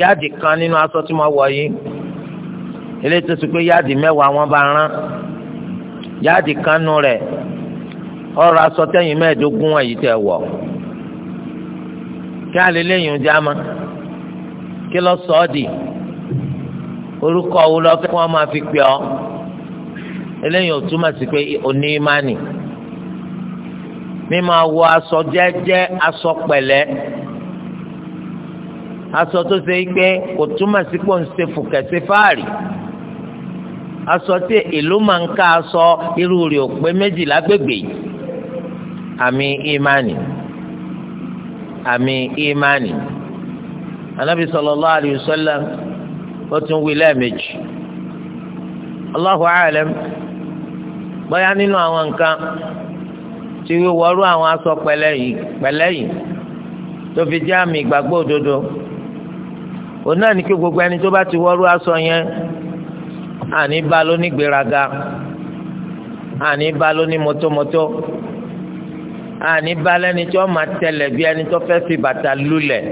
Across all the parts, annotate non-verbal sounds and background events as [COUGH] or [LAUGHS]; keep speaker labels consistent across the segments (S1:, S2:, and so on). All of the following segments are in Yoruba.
S1: yáàdì kan nínú aṣọ tí mo wọ̀ yìí ilé tó ti pé yáàdì mẹ́wàá wọn bá rán yáàdì kan nù rẹ̀ ọ̀rọ̀ aṣọ tẹ̀yìn mẹ́ẹ̀ẹ́dógún ẹ̀yìn tẹ̀ wọ̀ kí alẹ́lẹ́yìn ojú àmọ́ kí lọ sọ ọ́ di orúkọ wo lọ fẹ́ kí wọ́n máa fi pè ọ́ eléyìí ò túmọ̀ sí pé oní ìmánì mímọ wọ aṣọ jẹ́jẹ́ aṣọ pẹ̀lẹ́. aṣọ tó ṣe é pé kò túmọ̀ sí pò ń ṣe fùkẹ̀sí fáàrí aṣọ tí ìlú máa ń ká aṣọ irú rẹ̀ ò pé méjì lágbègbè àmì ìmánì àmì ìmánì anabi sallallahu alayhi wa ó tún wí lẹ́ẹ̀mejì Allahu a'lam bóyá nínú àwọn nǹkan wíwọ́rú àwọn aṣọ tó fi jẹ́ àmì ìgbàgbọ́ òdodo. òun náà ní kí gbogbo ẹni tó bá ti wọ́rú aṣọ yẹn àní bá ló ní gbéraga àní bá ló ní mọ́tòmọ́tò àní bá lẹ́ni tó máa tẹlẹ̀ bí ẹni tó fẹ́ fi bàtà lulẹ̀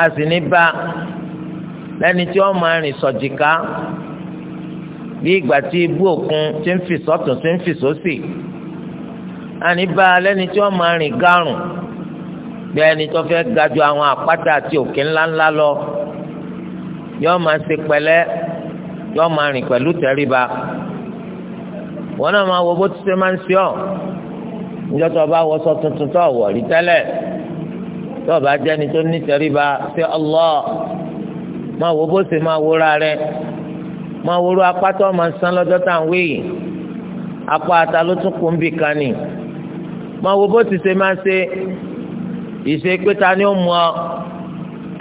S1: a sì ní bá lẹ́ni tí máa rìn sọ̀jìká bí ìgbà tí ibú òkun ti ń fi sọ́tún ti ń fi sósì àní bá lẹ́ni tí máa rìn gárùn-ún bí ẹni tó fẹ́ ga ju àwọn àpáta àti òkè ńláńlá lọ yóò máa ṣe pẹ̀lẹ́ yóò máa rìn pẹ̀lú tẹríba wọn náà máa wo bó ti ṣe máa ń ṣe ọ níjọ́ tó o bá wọṣọ tuntun tó wọ̀ rí tẹ́lẹ̀ tó o bá jẹ́ni tó ní tẹríba ṣe Allah máa wo bó ṣe máa wúra rẹ máa wúru apá tó máa san lọ́jọ́ tá à apá ata ló tún kún bì kan ni máa wo bó ti ṣe máa ṣe ìṣe pé ta ni ó mú ọ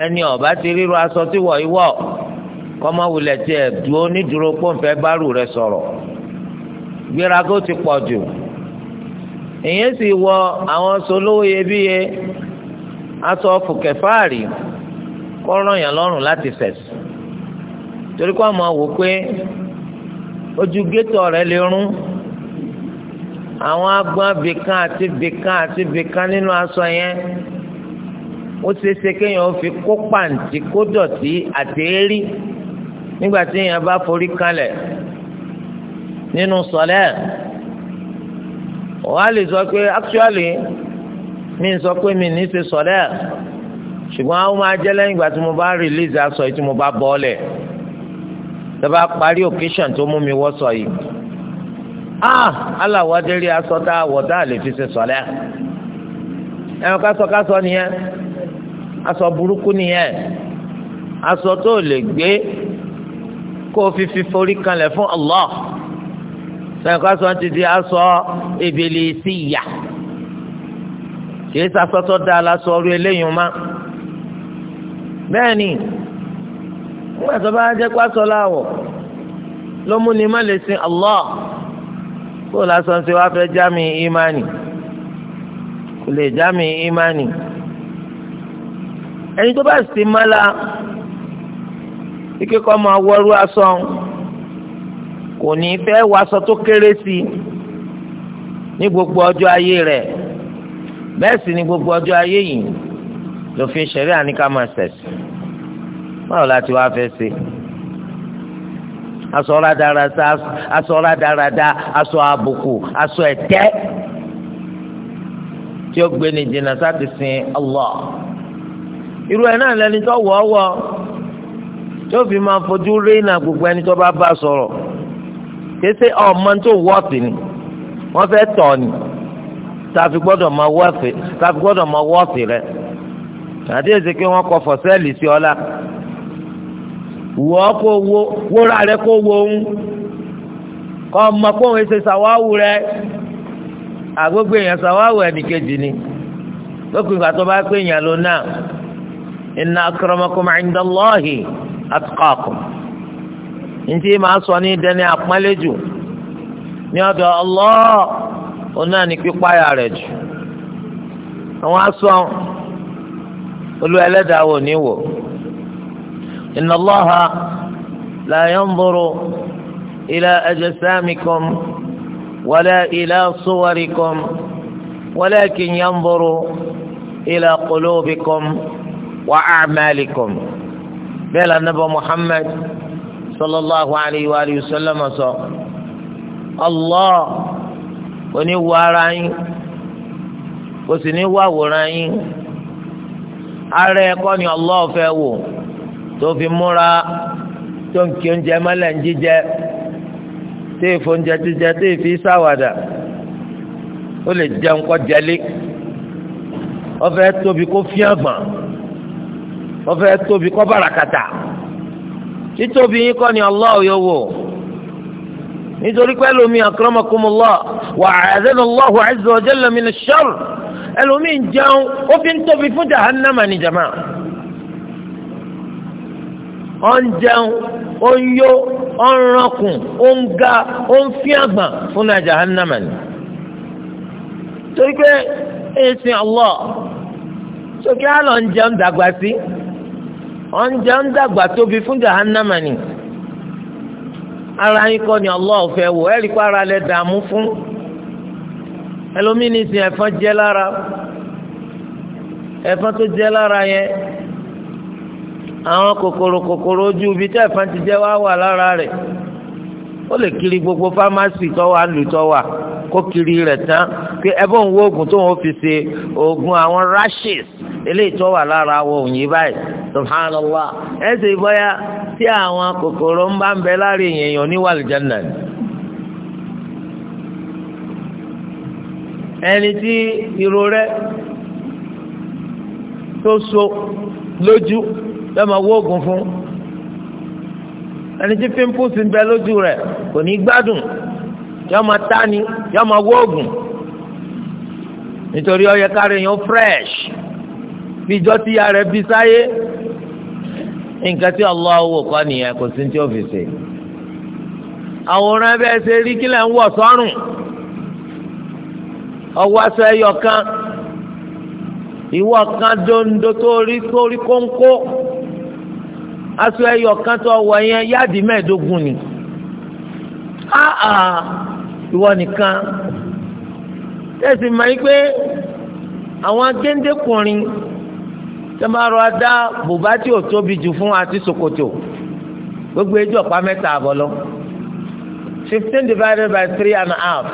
S1: ẹni ọba ti ríru aṣọ tí wọ̀ ìwọ̀ kọ́mọ wulẹ̀ tiẹ̀ dúró nídúró pọ́ǹfẹ́ bárù rẹ sọ̀rọ̀ gbérago ti pọ̀ jù èyí sì wọ àwọn solówó iyebíye aṣọ fùkẹ́fáàrí kọ́rọ̀ yàn lọ́rùn láti sẹ̀sì torí kọ́ ọmọ wò pé ojú gétò rẹ̀ lè rún àwọn agbọn bìkan àti bìkan àti bìkan nínú aṣọ yẹn ó ṣeéṣe kéèyàn fi kó pàǹtí kó dọ̀tí àti érí nígbà tí èèyàn bá forí kalẹ̀ nínú sọlẹ̀ wọ́n lè sọ pé actually mi ń sọ pé mi ní í ṣe sọlẹ̀ ṣùgbọ́n àwọn máa jẹ́ lẹ́yìn ìgbà tí mo bá release aṣọ yìí tí mo bá bọ́ ọ lẹ̀ tó bá parí occasion tó mú mi wọ́ sọ yìí. ah aláwọ̀dé rí aṣọ tá a a lè fi ṣe sọ̀lẹ́ ẹ̀rọ kásọ nìyẹn aṣọ burúkú nìyẹn aṣọ tó lè gbé kó o forí kanlẹ̀ fún Allah ẹ̀rọ kásọ ti di aṣọ Siya. sí ìyà kìí sasọ́tọ́ da aláṣọ ọrú eléyìí ma bẹ́ẹ̀ ni wọ́n àtọ́ bá jẹ́ pásọ láwọ̀ ni má lè sin Allah. bó lásán ṣe wá fẹ́ jámi ìmánì kò lè jámi ìmánì ẹni tó bá sì mọ́lá ike kọ́ máa wọ́rú aṣọ kò ní fẹ́ wàṣọ tó kéré sí ní gbogbo ọjọ́ ayé rẹ̀ bẹ́ẹ̀ sì ni gbogbo ọjọ́ ayé yìí lòfin ṣẹ̀rí àníkà máa báwo la ti wá fẹ́ ṣe aṣọ rádaràda aṣọ rádaràda aṣọ àbùkù aṣọ ẹ̀tẹ́ tí ó gbé ní jìnnà sáti sin Allah irú ẹ̀ náà lẹni tó wọ̀ ọ́ wọ̀ tí ó fi máa fojú rénà gbogbo ẹni tó bá bá sọ̀rọ̀ kése ọmọ tó wọ́ọ̀tì ni wọ́n fẹ́ tọ̀ ni tàfi gbọ́dọ̀ máa wọ́ọ̀tì tàfi gbọ́dọ̀ máa wọ́ọ̀tì rẹ̀ àti èsì pé wọ́n kọ fọ̀sẹ́ẹ̀lì sí ọlá wọ́ kó wo wóra rẹ kó wo ń kọ́ ọmọ kó ń ṣe sàwáwù rẹ àgbégbé èèyàn ẹnìkejì ni lókùn ìgbà tó bá pé èèyàn ló náà inna akramakum indallahi atqakum ntí màá sọ ní dẹni àpọ́nlẹ́jù ní ọ̀dọ̀ Allah òun náà ní pípáyà rẹ̀ jù àwọn asọ olú ẹlẹ́dàá wò ní wò. إن الله لا ينظر إلى أجسامكم ولا إلى صوركم ولكن ينظر إلى قلوبكم وأعمالكم بل نبي محمد صلى الله عليه وآله وسلم صلى الله oníwò ara yín kò sì ní wàwòrán yín ara ẹ̀kọ́ tó múra tó ń kí oúnjẹ mọ́lẹ̀ ń jíjẹ tó ìfọ oúnjẹ jíjẹ tó ìfi sáwàdà ó lè jẹun kọ́ jẹlé ọfẹ́ tóbi kó fi àgbọ̀n ọfẹ́ tóbi kó bàràkàtà títóbi yín kọ́ ni Allah yóò wò nítorí pé wa a'adana Allahu azza wa jalla min ash-sharr ń jẹun ó fi ń tóbi fún jahannama ni jama. ọ ń jẹun ó ń yó ó ń rankùn ó ń ga ó ń fi àgbà fún náà jahannama ni. torí pé Allah sókè àlọ́ ń jẹun dàgbà sí ọ ń jẹun dàgbà tóbi fún ni. ara yín kọ́ ni Allah fẹ́ wò ẹ̀rí kó ara lẹ dààmú fún ẹlòmínísìn efon jẹ lára ẹ̀fọn tó jẹ lára yẹn. àwọn kòkòrò kòkòrò ojú ibi tí ẹ̀fọn ti jẹ́ wá wà lára rẹ̀ ó lè kiri gbogbo fámásì tọ́wà lù tọ́wà kó kiri rẹ̀ tán pé ẹ bó ń wo oògùn tó ń fi ṣe oògùn àwọn rashes eléyìí tó wà lára wọ òyìn báyìí subhanallah ẹ ṣe bóyá tí àwọn kòkòrò ń bá ń bẹ lára èèyàn ní wàlìjánà ni. ẹni tí irun tó so lójú. So, yóò ma fún ẹni tí pimples ń bẹ lójú rẹ̀ kò ní gbádùn máa tá ni yóò máa wó nítorí ó kárí yẹn fresh bí ya rẹ̀ bí sáyé nǹkan tí Allah wò kọ́ nìyẹn kò sí ní tí àwòrán bẹ́ẹ̀ ṣe rí kílẹ̀ ń wọ̀ sọ́rùn ọwọ́ aṣọ ẹyọ kan aṣọ ẹyọ kan tó wọ yẹn yáàdì mẹ́ẹ̀ẹ́dógún ni áà ìwọ nìkan tẹ̀sí mọ̀ yí pé àwọn géńdékùnrin tẹ́ máa rọ adá bùbá tí ò tóbi jù fún àti ṣòkòtò gbogbo ẹjọ ọ̀pá mẹ́ta àbọ̀ fifteen divided by three and a half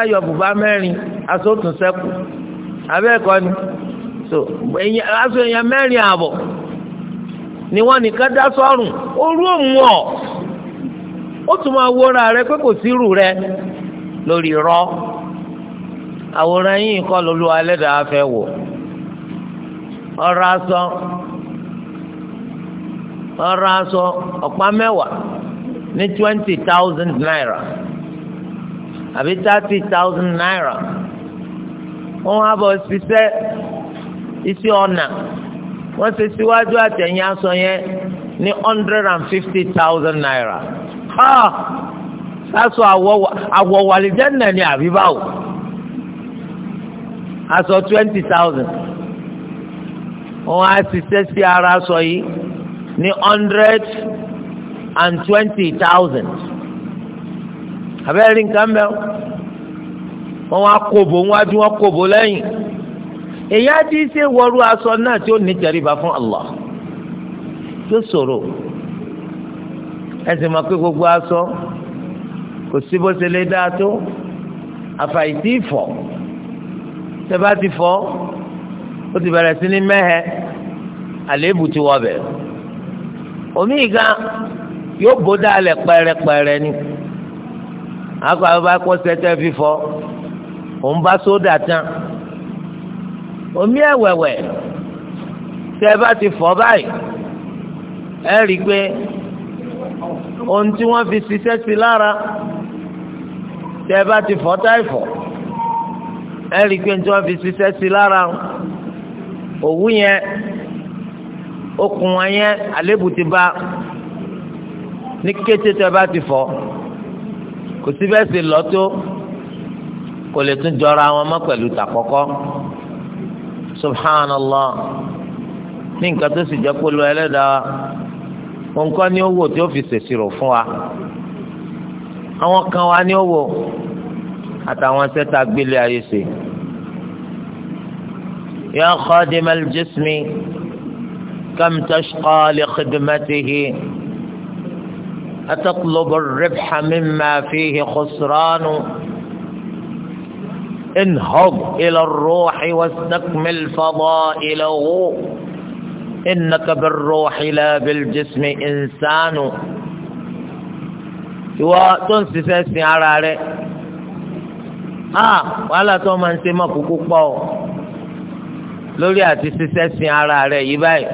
S1: ayọ̀ bùbá mẹ́rin aṣọ òtún sẹ́kù abẹ́ẹ̀kọ́ ni. so aso èèyàn mẹ́rin ààbọ̀ ni wọ́n nìkan dá sọ́rùn orú òun ọ̀ ó tún máa wọra rẹ pé kò rẹ lórí rọ àwòrán yìí kọ́ lólu alẹ́dàá fẹ́ wò ọ̀rọ̀ aṣọ ọ̀rọ̀ aṣọ ọ̀pá mẹ́wàá ní twenty naira àbí thirty naira wọ́n á bọ̀ ṣiṣẹ́. Isi ọ̀nà wọ́n ṣe síwájú àtẹ̀yìn aṣọ yẹn ní hundred and fifty thousand naira ha aṣọ àwọ̀wàlìjẹ́ nà ní àbíbáwò aṣọ twenty thousand wọ́n á ṣiṣẹ́ sí ara aṣọ yìí ní hundred and twenty thousand abẹ́rẹ́ nǹkan mẹ́wọ́ wọ́n á kóbó wọ́n á dún wọ́n kóbó lẹ́yìn. èyí á ti ṣe wọrú aṣọ náà tí ó ní fún Allah tó ṣòro ẹ sì mọ̀ pé gbogbo aṣọ kò sí bó ṣe lè dáa tó àfàìtì ìfọ̀ bá ti ó ti bẹ̀rẹ̀ sí ní àléébù ti bẹ̀ omi ìga yóò bó pẹ́rẹ́pẹ́rẹ́ ni àkọ́ àwọn bá kọ́ sẹ́tẹ́ òun bá sódà tán. omi ẹ̀wẹ̀wẹ̀ tẹ́ ẹ bá ti fọ̀ báyìí ẹ rí i pé ohun tí wọ́n fi ṣiṣẹ́ sí lára tẹ́ ẹ bá ti fọ̀ táìfọ̀ ẹ rí i pé ohun tí wọ́n fi ṣiṣẹ́ sí lára òwú yẹn okùn wọn yẹn àlébù ti bá ní kété tẹ́ ẹ bá ti fọ̀ kò sí bẹ́ẹ̀ kò lè tún jọra wọn mọ́ pẹ̀lú tàkọ́kọ́. subhanallah ní nǹkan tó sì jẹ́ pé lu ẹlẹ́dàá nǹkan ní owó tí ó fi ṣèṣirò fún wa àwọn kan wa ní owó àtàwọn sẹ́ta gbélé ayé ṣe. يا خادم الجسم كم تشقى لخدمته أتطلب الربح مما فيه خسران انهض إلى الروح واستكمل فضائله إنك بالروح لا بالجسم إنسان ìwọ tó ń ṣiṣẹ́ sin ara rẹ̀ ah wàhálà tó máa ń ṣe mọ́ kúkú pọ̀ ọ́ lórí àti ṣiṣẹ́ sin ara rẹ̀ yìí báyìí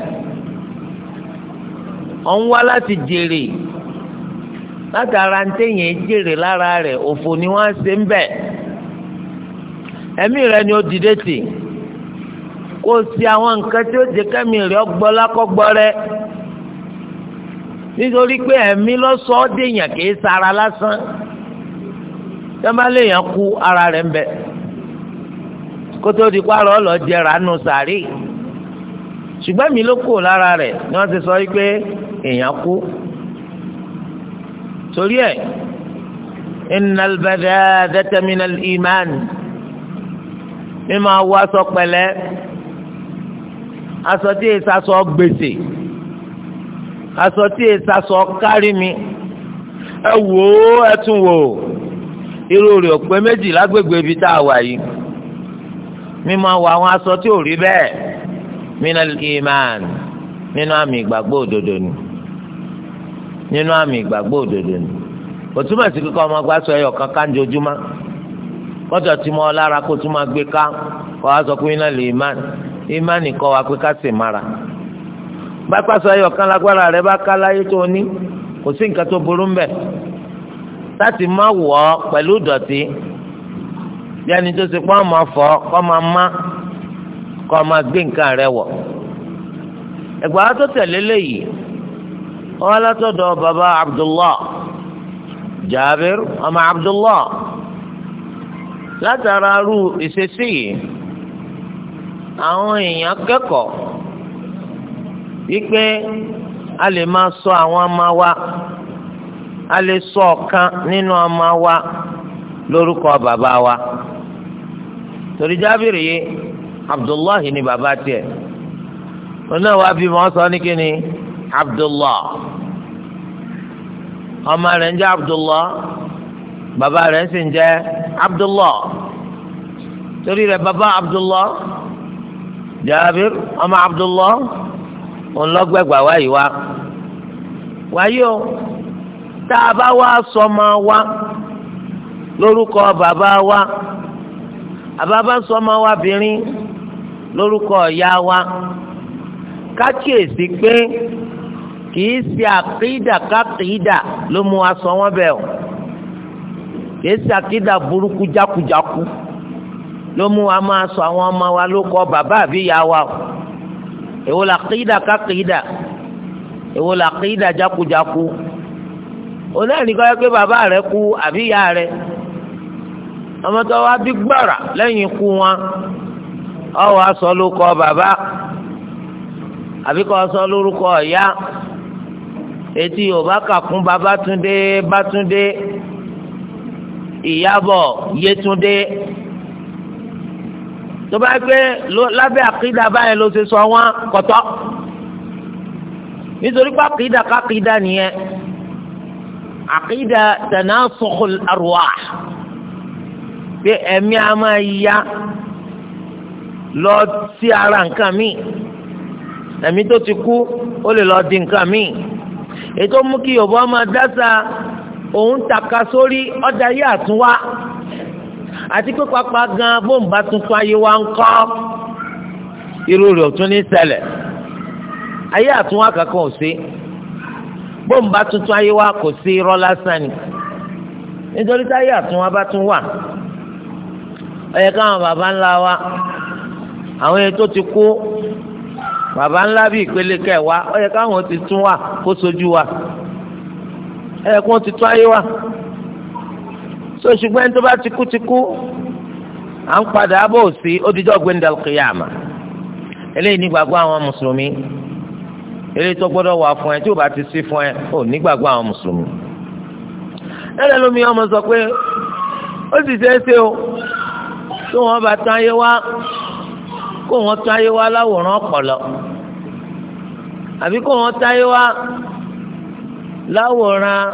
S1: ọ̀ ń wá láti jèrè látara ń téèyàn jèrè lára rẹ̀ òfò ni wọ́n ṣe ń bẹ̀ ẹ̀mí rẹ ni ó dìde tì kó o sí àwọn nǹkan tí ó jẹ kẹ́mi rẹ ọgbọ́ lákọ́gbọ́ rẹ nítorí pé ẹ̀mí lọ́sọ̀ọ́ dèèyàn kìí sara lásán tẹ́mbàléèyàn kú ara rẹ̀ ń bẹ kótó di kó ara ọlọ́ọ̀ nù sàárè ṣùgbọ́n mi ló kù lára rẹ̀ ni wọ́n ti sọ pé èèyàn kú torí ẹ̀ innal badadata minal mi máa wọ aṣọ pẹ̀lẹ́ aṣọ tí èsì aṣọ gbèsè aṣọ tí èsì aṣọ kárí mi ẹ wò ó ẹ tún wò ó irú rẹ̀ pé méjì lágbègbè ibi tá a wà yìí mi máa wọ àwọn aṣọ tí ò rí bẹ́ẹ̀ minal iman nínú àmì ìgbàgbọ́ òdodo ni nínú àmì ìgbàgbọ́ òdodo ni òtúmọ̀ sí kíkọ́ ọmọ gbàsọ ẹ̀yọ̀ kankan jojúmọ́. kọjọ tí mo lára kó tún máa gbé ká kọ́ sọ pé iná lè pé ká sì mara bápá sọ lágbára rẹ bá ká láyé tó ní kò sí nǹkan tó burú ń bẹ̀ láti má wọ̀ ọ́ pẹ̀lú dọ̀tí bí ẹni tó pọ́n fọ́ kọ́ baba ọmọ látara rú ìṣesí yìí àwọn èèyàn kẹ́kọ̀ọ́ wípé a lè máa sọ àwọn ọmọ wa a lè sọ ọ̀kan nínú ọmọ wa lórúkọ bàbá wa torí jábìrì yìí abdullahi ni bàbá tiẹ̀ onáà wàá bímọ sọ ní kíni abdullah ọmọ rẹ̀ ń jẹ́ abdullah bàbá rẹ̀ sì ń jẹ́ abdullah torí rẹ̀ bàbá abdullah jaabir ọmọ abdullah ọlọgbẹgbà wáyé wa wáyé o tá a bá wá sọmọ wa lórúkọ bàbá wa àbábá sọmọ wa bìnrin lórúkọ ìyá wa kákìyèsí pé kì í ṣe àkìdà kákìdà ló mú wa sọ wọn bẹ́ẹ̀ o. kìí ṣe àkídà burúkú jákujáku ló mú wa máa sọ àwọn ọmọ wa ló kọ bàbá àbí ìyá wa o èwo la kídà kákídà èwo la kídà jákujáku onáàní kọ́ ẹ pé bàbá rẹ kú àbí ìyá rẹ ọmọ tó bí gbàrà lẹ́yìn ikú wọn ọ wá sọ ló kọ bàbá àbí kọ́ sọ lórúkọ ìyá etí yorùbá kà fún bàbá túndé bàtúndé. ìyábọ̀ yétúndé tó bá gbé lábẹ́ àkídà báyẹn ló ṣe sọ wọ́n kọ̀tọ́ nítorí pé àkídà kákídà nìyẹn àkídà tanasukhul arwah pé ẹ̀mí a máa ya lọ sí ara nǹkan míì ẹ̀mí tó ti kú ó lè lọ di nǹkan míì ètò mú kí yorùbá máa dáṣà òun tàka sórí ọ̀dà yìí àtúnwá àti pé pápá gan bóńbà tuntun ayé wa ń kọ́ irú rẹ̀ ò tún ní ṣẹlẹ̀ ayé àtúnwá kankan ò sí bóńbà tuntun ayé wa kò sí irọ́ lásán ni nítorí táyé àtúnwá bá tún wà ó káwọn baba ńlá wa àwọn ètò ti kú baba ńlá bíi ìpele kẹwàá ó káwọn ti tún wà kó sojú wa ẹ̀kún ti tó ayé wa so ṣùgbọ́n ẹni tó bá ti kú ti kú à ń padà abọ́ òsì odijọ́ gbẹ̀ndàl kìyàmà eléyìí nígbàgbọ́ àwọn mùsùlùmí eléyìí tó gbọ́dọ̀ wà fún ẹ tí ò bá ti sí fún ẹ ò nígbàgbọ́ àwọn mùsùlùmí ẹlẹ́ lómi ọmọ sọ pé ó sì ṣe ṣe o tó wọn bá tán ayé wá kó wọn tán ayé wá láwòrán ọpọlọ àbí kó wọn tán ayé wá láwòrán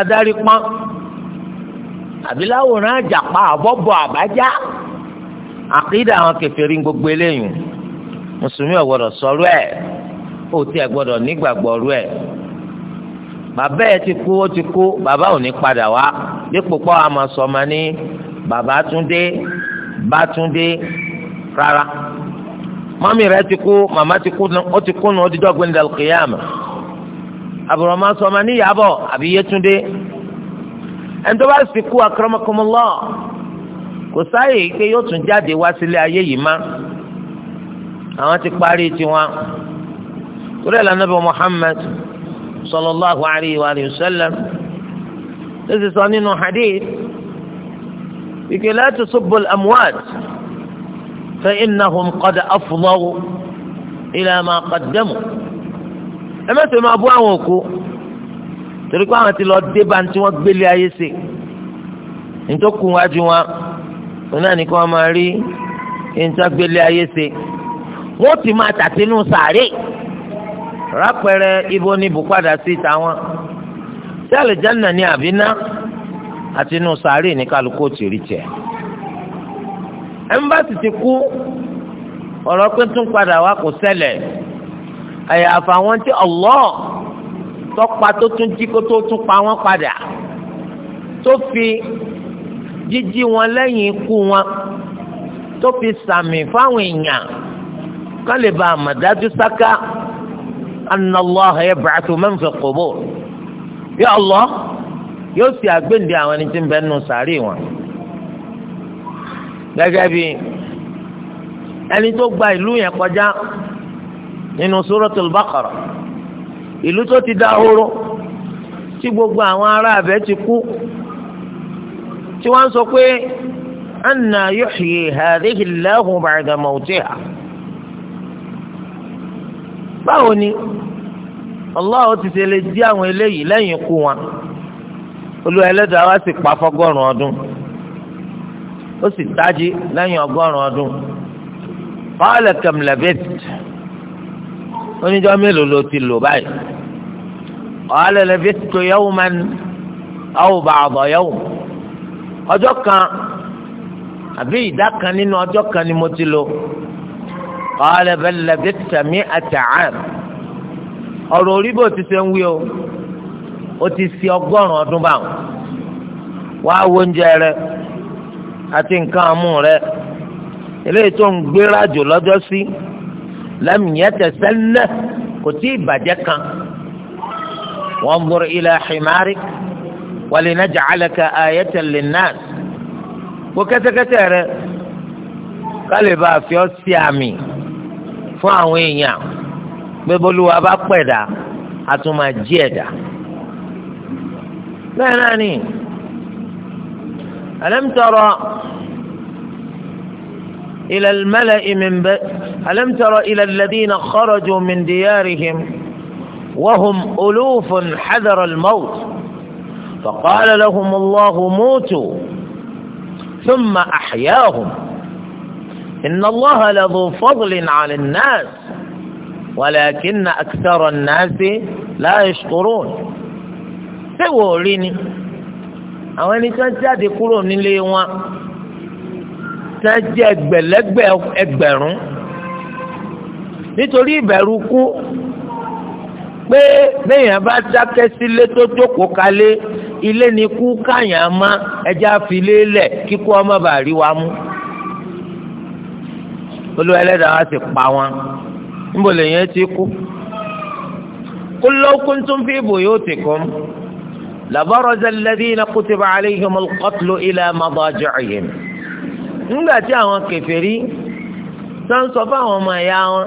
S1: adarí pọ́n àbí láwòrán àjàpá àbọ̀bọ̀ àbájá àkídà àwọn kèfèrí gbogbo eléyìí mùsùlùmí ò gbọ́dọ̀ sọ̀rọ̀ ẹ̀ ó tiẹ̀ gbọ́dọ̀ nígbàgbọ́rú ẹ̀ bàbá ẹ̀ ti kú ó ti kú bàbá ò ní padà wá dípò pọ́ àmọ́ sọmọ ní Babátúndé Bátúndé rárá mọ́mí rẹ̀ ti kú màmá ti kú ó ti kú nù ó ti dọ́gbìn dàlùkìyàmù àbùrọ̀mọ́ sọmọ níyàbọ̀ àbí yétúndé ẹni tó bá sì kú akramakumullah kò sáàyè pé yóò tún jáde wá sílé ayé yìí má àwọn ti parí tiwọn torí ẹ̀la nàbẹ̀ Muhammad sallallahu alayhi wa sallam ló ti sọ nínú hadith wípé la tusubbu al-amwat fa innahum qad afdaw ila ma ẹ mẹ́sàn-án máa bú àwọn òkú torí pé àwọn ti lọ dé bá ní tí wọ́n gbélé ayé ṣe nítòkù wájú wọn òun náà ní kí wọ́n máa rí nítòkù gbélé ayé ṣe wọ́n ti máa tàtínú sàárè rápẹrẹ ibo ní bùpadà sí tàwọn tí àlùjánnà ní àbíná àtinú sàárè ní kálukú ti rí tiẹ̀ ẹ̀ńbàsì ti kú ọ̀rọ̀ pé tún padà wá kò ṣẹlẹ̀ àyàfà wọn tí Allah tọ́pa tó tún jí kó tó tún pa wọ́n padà tó fi jíjí wọn lẹ́yìn ikú wọn tó fi sàmì fáwọn èèyàn kán lè ba àmọ̀dájú sáká anna Allah yab'athu man fi qubur ya Allah yóò sì àgbéǹde àwọn ẹni tí ń bẹ nù sàárì wọn. gẹ́gẹ́ bí ẹni tó gba ìlú yẹn kọjá nínú suratul Baqara ìlú tó ti dahoro tí gbogbo àwọn ará abẹ ti kú tí wọ́n sọ pé anna yuhyi hadhihi Allahu ba'da mawtiha báwo ni Allah ti ṣe lè dí àwọn eléyìí lẹ́yìn ikú wọn olú ẹlẹ́dàá wa sì pa fọ́gọ́rùn ọdún ó sì tají lẹ́yìn ọgọ́rùn ọdún qala kam labith oníjọ́ mélòó ló ti lò báyìí ọ̀hálẹ̀ lẹ́bi tó yẹ́wò máa ń ọ̀hún bá ọ̀bọ̀ yẹ́wò ọjọ́ kan àbí ìdá kan nínú ọjọ́ kan ni mo ti lò ọ̀hálẹ̀ bẹ́ẹ̀ lẹ́bi tẹ̀mí àtàán ọ̀rọ̀ orí bó ti ṣe ń wí o ó ti ṣe ọgọ́rùn-ún ọdún báwọn wàá wo oúnjẹ rẹ àti nǹkan amú rẹ eléyìí tó ń gbé rájò lọ́jọ́ sí. Si lẹ́mìíyẹ́tẹ̀ sẹ́lẹ̀ kò tí ì bàjẹ́ kan wanzur ila himarik walinaj'alaka ayatan linnas kó kẹ́tẹ́kẹ́tẹ́ rẹ kálíbà fi ọ́ sí àmì fún àwọn èèyàn pé bólúwa bá pẹ̀dá a tún máa jí ẹ̀dá bẹ́ẹ̀ náà ni alam tara. إلى الملأ من ب... ألم تر إلى الذين خرجوا من ديارهم وهم ألوف حذر الموت فقال لهم الله موتوا ثم أحياهم إن الله لذو فضل على الناس ولكن أكثر الناس لا يشكرون سووا لني أولي كان سادي قلوا من لي tán jẹ́ ẹgbẹ̀lẹ́gbẹ̀ ẹgbẹ̀rún nítorí ìbẹ̀rù kú pé béèyàn bá dákẹ́ sílé tó jókòó kalẹ̀ ilé ni kú káyàn má ẹja filé lẹ̀ kíkú ọmọ bàá rí wa mú olúwa ẹlẹ́dàá wa sì pa wọn níbo lèyàn ti kú qul law tún fi buyutikum labarraza alladhina kutiba alayhimul qatlu ila madaji'ihim. nígbà tí àwọn kèfèrí tó ń sọ fáwọn ọmọ ẹ̀yà wọn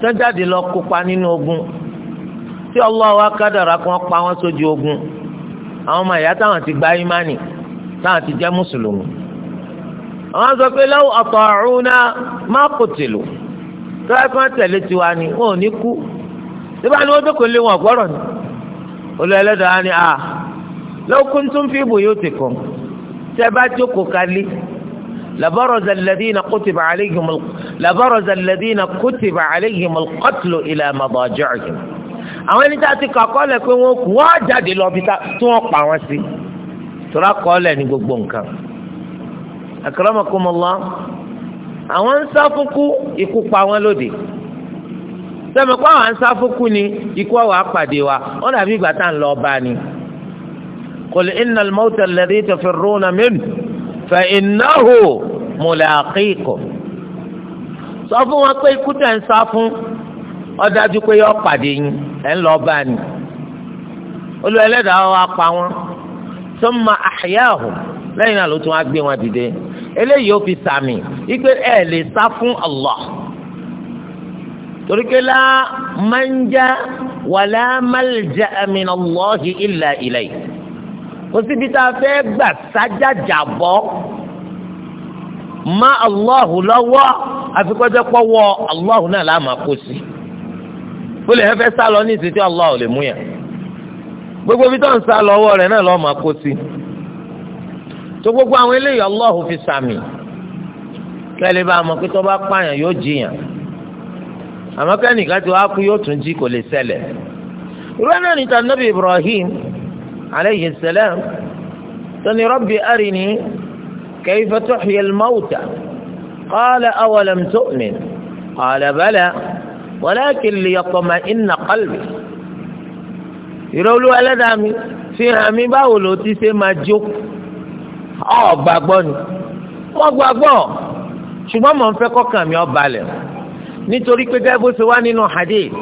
S1: tó jáde lọ kópa nínú ogun tí Allah wa kádàrá kan pa wọ́n sójú ogun àwọn ọmọ ẹ̀yà táwọn ti gba ìmánì táwọn ti jẹ́ mùsùlùmí àwọn sọ pé law ata'una ma qutilu tó ẹ kàn tẹ̀lé tiwa ni wọn ò ní kú síbá ni wọ́n tó kò lé wọn gbọ́rọ̀ ni olú ẹlẹ́dàá ni a ah, law kuntum fi buyutikum tẹ́ bá jókòó kalẹ̀. لبرز الذين كتب عليهم لبرز الذين كتب عليهم القتل إلى مضاجعهم àwọn ẹni tá a ti kọ àkọọ́lẹ̀ pé wọ́n kú wọ́n á jáde lọ bí tí wọ́n pa wọ́n sí tóra kọ́ọ́lẹ̀ ní gbogbo nǹkan. akramakumullah àwọn ń sá fúnkú ikú pa wọ́n lóde sẹ́mi kó àwọn ń sá fúnkú ni ikú àwọn apàdé wa wọ́n dàbí ìgbà tá à ń lọ bá ni. qul innal mawta alladhi tafirruna minhu fa innahu mulaqikum sọ fún wọn pé ikú tẹ̀ ń sá fún ó dájú pé yọ pàdé yín ẹ̀ ń lọ bá ni olú ẹlẹ́dàá wa pa wọn thumma ahyahum lẹ́yìn náà ló tún wá gbé wọn dìde eléyìí ó fi sàmì ipe ẹ lè sá fún Allah torí pé la manja wala malja min Allahi illa ilayhi kò síbi tá a fẹ́ gbà sájàjà bọ́ má Allahu lọ́wọ́ àfikọ́jọ́ pọ́wọ́ Allahu náà láàmà kó sí ó lè fẹ́ sá lọ ní ìsìtí Allahu lè mú yàn gbogbo bí tó ń sá lọ́wọ́ rẹ̀ náà lọ́ọ́ máa kó tó gbogbo àwọn eléyìí Allahu fi sàmì kẹ́lẹ́ bá a pé tó bá pààyàn yóò jiyàn àmọ́ kẹ́nìkan tí wàá kú yóò tún jí kò lè ṣẹlẹ̀ ìrọ̀ náà níta Ibrahim alayhi salam tóní rabbi arini kayfa tuhyi al-mawta qala awalam tu'min qala bala walakin liyatma'inna qalbi ìrọ̀lú ẹlẹ́dàá mi fi hàn mí báwo ló ti ṣe máa jó ọ̀ gbàgbọ́ ni wọ́n gbàgbọ́ ṣùgbọ́n mò ń fẹ́ kọ́kàn mi ó balẹ̀ nítorí pé gẹ́gẹ́ bó ṣe wá nínú hadith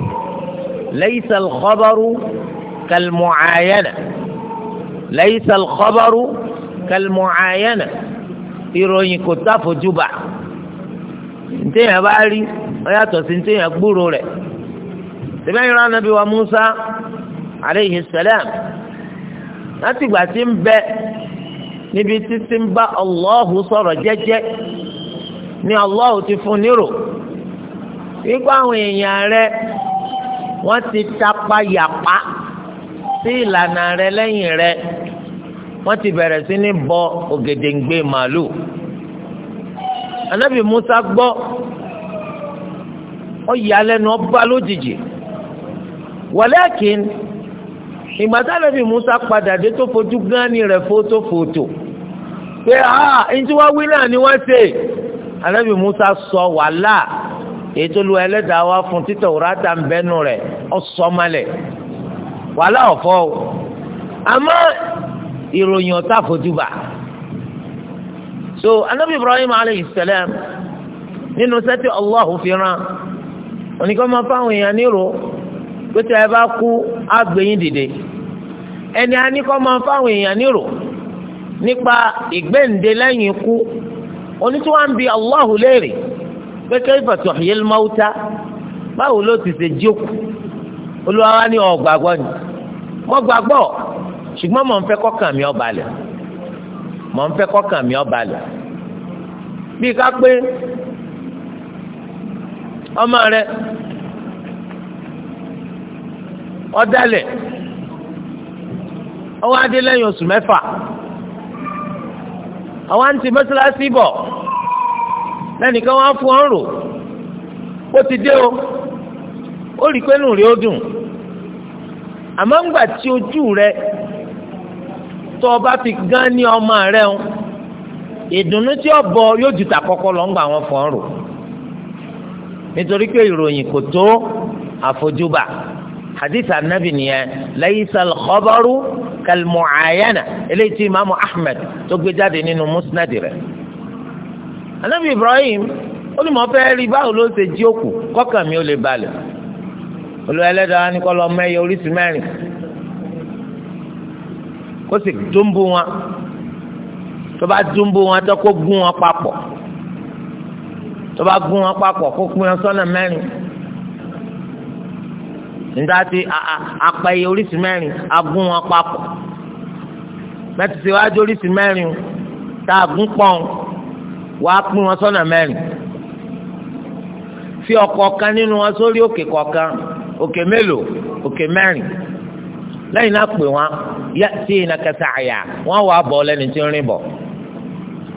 S1: laysa al-khabaru kal-mu'ayana laysa al-khabaru kal-mu'ayana ìròyìn kò tá àfojúbà ntẹ̀yìn bá rí ó yàtọ̀ sí ntẹ̀yìn gbúrò rẹ̀ tẹ̀bẹ́yìn rán nàbí wa Musa aleyhi salam láti ìgbà tí ń bẹ níbi títí ń bá Allahu sọ̀rọ̀ jẹ́jẹ́ ni Allahu ti fún nírò wípé àwọn èèyàn rẹ̀ wọ́n ti tapa yàpá. sí ìlànà rẹ lẹ́yìn rẹ wọ́n ti bẹ̀rẹ̀ sí ní bọ ògèdèǹgbè màálù anabi musa gbọ́ ó yà lẹ́nu ọba lójijì wàlẹ́kìn ìgbà tí anabi musa padà dé tó fojú gánni rẹ̀ fótófótó pé ah ntí wọ́n wí náà ni wọ́n ṣe anabi musa sọ wàhálà èyí tó lu ẹlẹ́dàá wa fún títọ̀ wúrà tá ń bẹ́nu rẹ̀ ó sọ malẹ̀. wàhálà ọ̀fọ́ o àmọ́ ìròyìn ọ̀tá fojúbà so anabi ibrahim alayhi salam nínú sẹ́tì allah fi ran oníkan máa fáwọn èèyàn nírò pé tí ẹ bá kú á gbé yín dìde ẹni aníkan máa fáwọn èèyàn nírò nípa ìgbéǹde lẹ́yìn ikú onítí wọ́n ń bi allah léèrè pé kayfa tuhyil mauta báwo ló ti ṣe jókòó. olúwa wa ní ọ̀gbàgbọ́ ni mo gbàgbọ́ ṣùgbọ́n mò ń fẹ́ kọ́kàn mi ó balẹ̀ mò ń fẹ́ kọ́kàn mi ọba balẹ̀ bí ká pé ọmọ rẹ ọ̀dàlẹ̀ ọwọ́ adé lẹ́yìn oṣù mẹ́fà àwọn àǹtí mọ́ṣáláṣí bọ̀ lẹ́nìkan wọ́n á fún ọ́n ó ti dé o ó rí i pé nù rí ó dùn. àmọ́ ńgbà tí ojú rẹ tó o bá fi gán ní ọmọ rẹ ń ìdùnnú tí ó bọ yóò ju tàkọ́kọ́ lọ ńgbà wọn fọ́n rò nítorí pé ìròyìn kò tó àfojúbà hadith anabi nìyẹn laysal khabaru kal mu'ayana eléyìí tí imaamu ahmed tó gbé jáde nínú musnad rẹ̀ anabi ibrahim ó ní mo fẹ́ rí báwo ló ṣe jí òkú kọ́kàn ó lè balẹ̀ olùwà ẹlẹ́dàá wa ní kọ́ lọ mẹ́yẹ oríṣi mẹ́rin kó sì dúnbú wọn tó bá dúnbú wọn tó kó gún wọn papọ̀ tó bá gún wọn papọ̀ kó pín wọn sọ́nà mẹ́rin nígbà tí apẹyẹ oríṣi mẹ́rin agún wọn papọ̀ mẹ́tìsí wájú oríṣi mẹ́rin tá a gún pọ́n wàá pín wọn sọ́nà mẹ́rin fi ọ̀kọ̀ọ̀kan nínú wọn sórí òkè kọ̀ọ̀kan. òkè mélòó òkè mẹ́rin lẹ́yìn náà pè wọ́n yá si iná kẹta àyà wọ́n wà bọ̀ lẹ́ni tí ń rìn bọ̀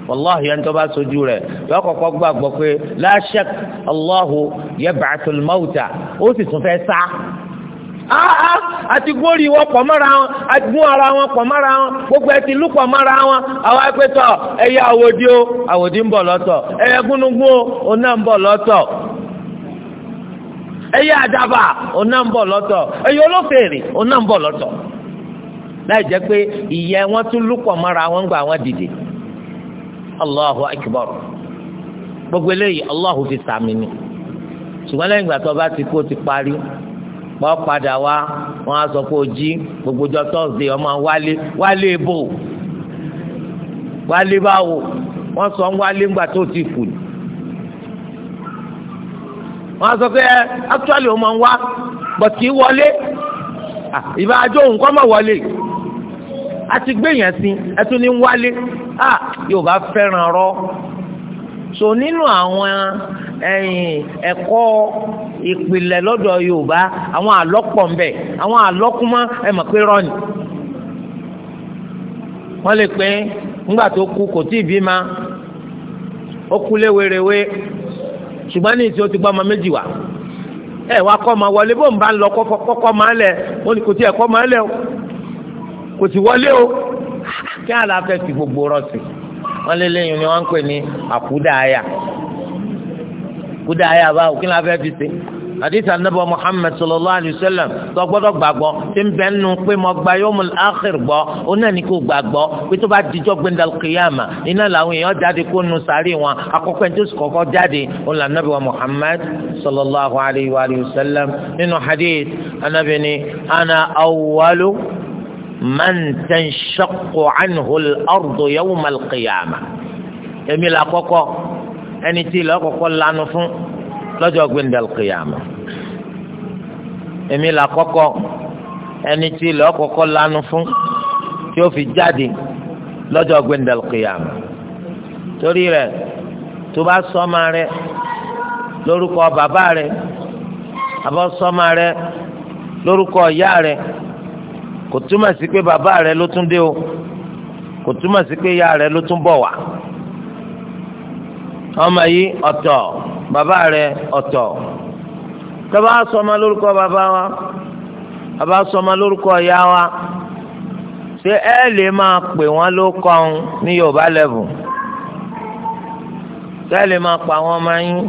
S1: wàláhi ẹni tó bá sojú rẹ̀ yọ kọ́kọ́ gbàgbọ́ pé láṣẹk Allahu yab'athul mauta ó sì tún sá àti gbórí wọn pọ mọ́ra wọn àti ara wọn wọn gbogbo ẹ ti wọn àwọn àwòdì o ẹyẹ adaba! ọ̀nà ń bọ̀ lọ́tọ̀ ẹyẹ olófèrè ọ̀nà ń bọ̀ lọ́tọ̀ láì jẹ́ pé ìyẹ́ wọn tún lùpọ̀ mọ́ra wọn gba wọn dìde allahu akbar gbogbo eléyìí allahu fi sàmì ni ṣùgbọ́n lẹ́yìn ìgbà tó bá ti kú ti parí wọ́n padà wá wọ́n á sọ pé ó jí gbogbo ọjọ́ tọ́sídẹ̀ ọmọ wálé wálé ebò wálé báwo wọ́n sọ ń wálé ńgbà tó ti kù ni. wọ́n sọ pé actually ó ń wá but wọlé ah, ìbá ajó nǹkan wọlé a ti gbé yẹn sí ẹ tún ní wálé ah rọ so nínú àwọn ẹ̀yìn ẹ̀kọ́ ìpìlẹ̀ lọ́dọ̀ Yorùbá àwọn àlọ́pọ̀ ń àwọn ẹ mọ̀ pé rọ́ọ̀nì wọ́n ṣùgbọ́n ní ìsìn ó ti gbọ́ ọmọ méjì wá ẹ wá kọ́ ọmọ wọlé bó ń bá ń lọ kọ́kọ́ máa lẹ̀ ó ní kò tí ẹ̀ kọ́ máa lẹ̀ o kò sì wọlé o kí àlàáfẹ́ ti gbogbo rọ̀sì wọ́n lé lẹ́yìn ni wọ́n ń pè ní àkúdàáyà àkúdàáyà báwo kí ni a fi ṣe àdìsá nàbọ muhammed sallallahu alayhi wa sallam tó gbọ́dọ̀ gbàgbọ́ tí ń bẹ nínú pé mo gba yomul akhir gbọ́ ó náà ní kó gbàgbọ́ pé tó bá dijọ́ gbendal kiyama iná làwọn èèyàn jáde kó nu sàárì wọn akọ́kọ́ ẹni tó sì kọ́kọ́ jáde ó là nàbọ muhammed sallallahu alayhi wa sallam nínú hadith anabi ni ana awwalu man tanshaqqu anhu al-ardu yawmal qiyama èmi là kọ́kọ́ ẹni tí ilẹ̀ ọ̀kọ̀kọ́ lanu fún. lọ́jọ́ gbẹndàlùkìyàmù èmi là kọ́kọ́ ẹni tí ilẹ̀ ọ̀kọ́kọ́ lanu fún tí ó fi jáde lọ́jọ́ gbẹndàlùkìyàmù torí rẹ̀ tó bá sọ́mà rẹ̀ lórúkọ bàbá rẹ̀ àbọ̀ sọ́mà rẹ̀ lórúkọ ìyá rẹ̀ kò túmọ̀ sí pé bàbá rẹ̀ ló tún dé o kò túmọ̀ sí pé ìyá rẹ̀ ló tún bọ̀ wá ọmọ yìí ọ̀tọ̀. bàbá rẹ ọ̀tọ̀ tọ́ba sọma lórúkọ baba, wa bàbá sọma lórúkọ ìyá wa ṣé ẹ lè máa pè wọ́n ló kọ́n ní Yorùbá lẹ́bùn ṣé ẹ lè máa pa àwọn ọmọ yín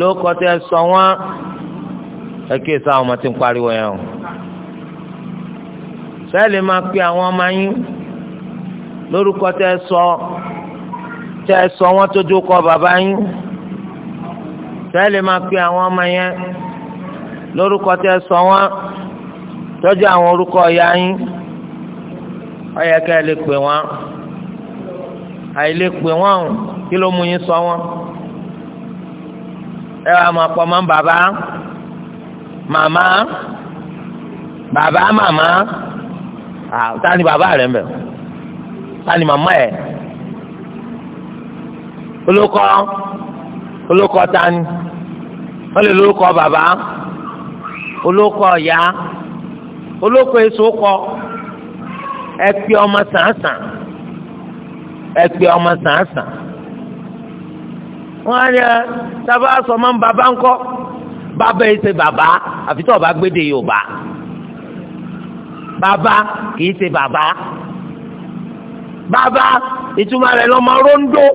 S1: ló kọ́ tẹ́ sọ wọ́n ẹ kí èso àwọn ọmọ ti ń pariwo yẹn o ṣé ẹ lè máa pe àwọn ọmọ yín lórúkọ tẹ́ sọ tẹ́ sọ wọ́n tójú kọ bàbá yín tẹ́lẹ̀ máa pe àwọn ọmọ yẹn lórúkọ tẹ́ sọ wọ́n tọ́jú àwọn orúkọ ọ̀yá yín ọ̀yẹ́ ká ẹ lè pè wọ́n àìlè pè wọ́n kí ló mú yín sọ wọ́n ẹ wàá máa pọ̀ mọ́ bàbá màmá bàbá màmá ta bàbá rẹ̀ ń bẹ̀ màmá ẹ̀ olókọ́ olókọ́ ta wọ́n lè lórúkọ bàbá olókọ ọ̀yá olókọ èso kọ ẹ̀pì ọmọ sàǹsàn ẹ̀pì ọmọ sàǹsàn wọ́n á yẹ sábà sọ ma ń bàbá ńkọ́ bàbá yìí ṣe bàbá àfi tó bá gbédè Yorùbá bàbá kì í ṣe bàbá bàbá ìtumọ̀ rẹ̀ lọ́mọ róńdó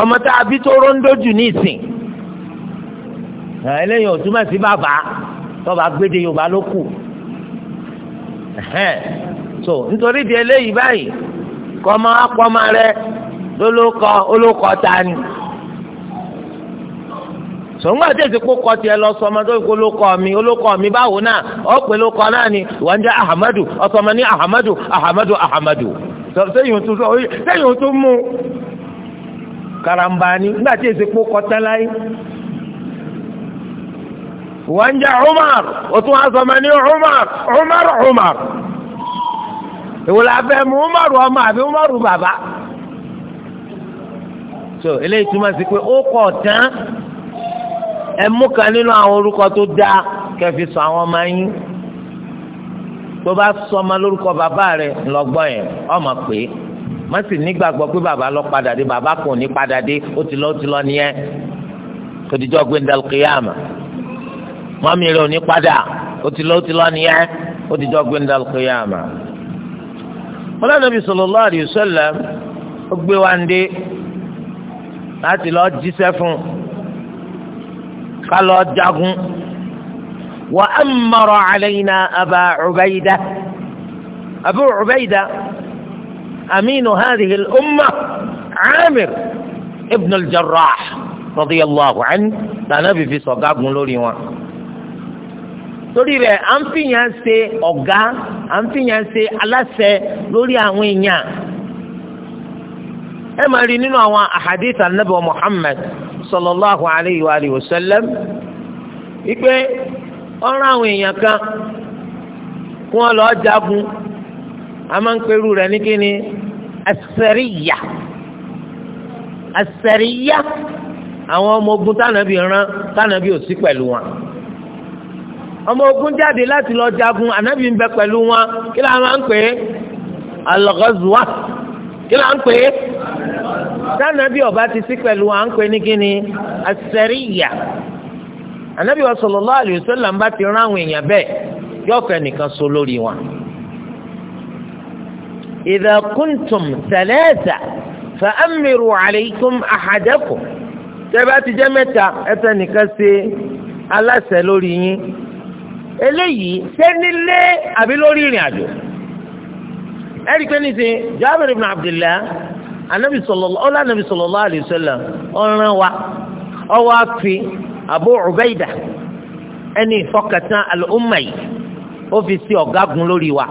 S1: ọmọ tá a bí tó róńdó jù ní ìsìn. eléyìí ò túmọ̀ sí bàbá tọ́ba gbéde yorùbá ló kù so nítorí di eléyìí báyìí kọ́mọ akọ́mọ rẹ lólókọ olókọ ta ni sọ̀ngbà tí èsì kókọ tiẹ̀ lọ sọmọ tó kó lókọ mi olókọ mi báwo náà ó pè lókọ náà ni wọ́n jẹ́ ahamadu ọ̀sọ̀mọ ahamadu ahamadu ahamadu sẹ́yìn tó sẹ́yìn tó mú karambani nígbà tí èsì wọ́n ń jẹ́ Umar o tún wá sọmọ ní Umar Umar Umar ìwòlá bẹ́ẹ̀ mú Umar ọmọ àbí Umar bàbá so eléyìí túmọ̀ sí pé ó kọ̀ tán ẹ mú kan nínú àwọn orúkọ tó dáa kẹfì sọ àwọn ọmọ yín tó bá sọmọ lórúkọ bàbá rẹ lọgbọ́n yẹn ọmọ pé má sì nígbàgbọ́ pé bàbá lọ padà dé bàbá kò ní padà dé ó ti lọ ó ti lọ nìyẹn tó dijọ́ gbé ndàlùkìyàmà mọ́mí rẹ̀ ò ní padà ó ti lọ ó ti lọ nìyẹn ó ti jọ gbé ndàlùkọ́ yá àmà. wọn lọ́nà bí sallallahu alaihi wasallam ó gbé wa ń dé láti lọ jíṣẹ́ fún ká lọ jagun wa ammara alayna aba Ubayda abu Ubayda aminu hadhihi al-umma Amir ibn jarrah radiyallahu anhu lànà bìbí sọ̀gágun lórí wọn. torí rẹ̀ à ń fìyàn ṣe ọ̀gá à ń fìyàn ṣe aláṣẹ lórí àwọn èèyàn ẹ máa rí nínú àwọn sallallahu alayhi wa wa sallam wípé ọ̀rọ̀ àwọn èèyàn kan kí wọ́n lọ́ọ́ jagun a máa ń perú rẹ̀ ní kíni asẹ̀ríyà asẹ̀ríyà àwọn ọmọ ogun tánàbí rán tánàbí ò ọmọ ogun jáde láti lọ jagun ànábì ń bẹ pẹ̀lú wọn kí ló máa ń pè é alọ́gọ́zùwà kí ló ń pè é sànàbí ọba ti sí pẹ̀lú wọn à ń pè ní kíni àṣẹríyà ànábì sallallahu alaihi wasallam bá ti rán àwọn èèyàn bẹ́ẹ̀ yóò fẹ́ nìkan so lórí wọn. idha kuntum thalatha fa amiru alaykum ahadakum tẹ́ bá ti jẹ́ eléyìí ṣé nílé àbí lórí ìrìn àjò ẹ̀rí pé ní sin Jabir ibn Abdullah anabi sallallahu ọlá anabi sallallahu alayhi wa sallam ọ̀ràn wa ọwọ́ àfi Abu Ubaida ẹni ìfọkàtàn al-umma yìí ó fi sí ọ̀gágun lórí wa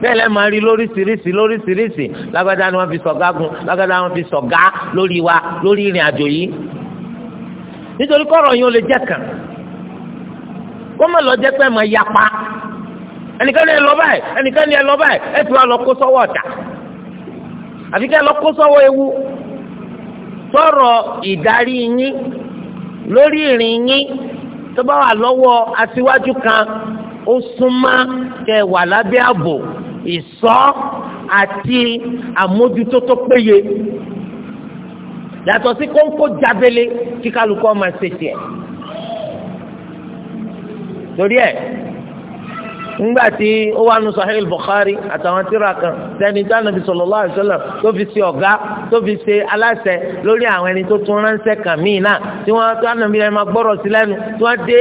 S1: bẹ́ẹ̀ lẹ́ẹ̀ máa rí lóríṣiríṣi lóríṣiríṣi lágbádá ni wọ́n fi sọ̀gágun lágbádá ni wọ́n fi sọ̀gá lórí wa lórí ìrìn àjò yìí nítorí kọ́rọ̀ yín ó lè jẹ́ kàn kó má lọ jẹ́ pé ẹ̀ máa yapa ẹnìkan ní ẹ lọ báyìí ẹnìkan ní ẹ lọ báyìí ẹ fi wá lọ kó sọ́wọ́ ọ̀tá àfi kẹ́ ẹ lọ kó sọ́wọ́ ewu tọrọ ìdarí yín lórí ìrìn yín tó bá wà lọ́wọ́ aṣíwájú kan ó súnmọ́ kẹ́ wà lábẹ́ ààbò ìṣọ́ àti àmójútó tó péye yàtọ̀ sí kóńkó jábélé kí máa ṣe tiẹ̀. torí ẹ̀ ńgbà tí ó wà nù Sahih Bukhari àtàwọn tíra kan sẹ́ni tí Ànábì sallallahu alaihi wasallam tó fi ṣe ọ̀gá tó fi ṣe aláṣẹ lórí àwọn ẹni tó tún ránṣẹ́ kàn míì náà tí wọ́n tó Ànábì rẹ̀ máa gbọ́rọ̀ sí lẹnu tí wọ́n dé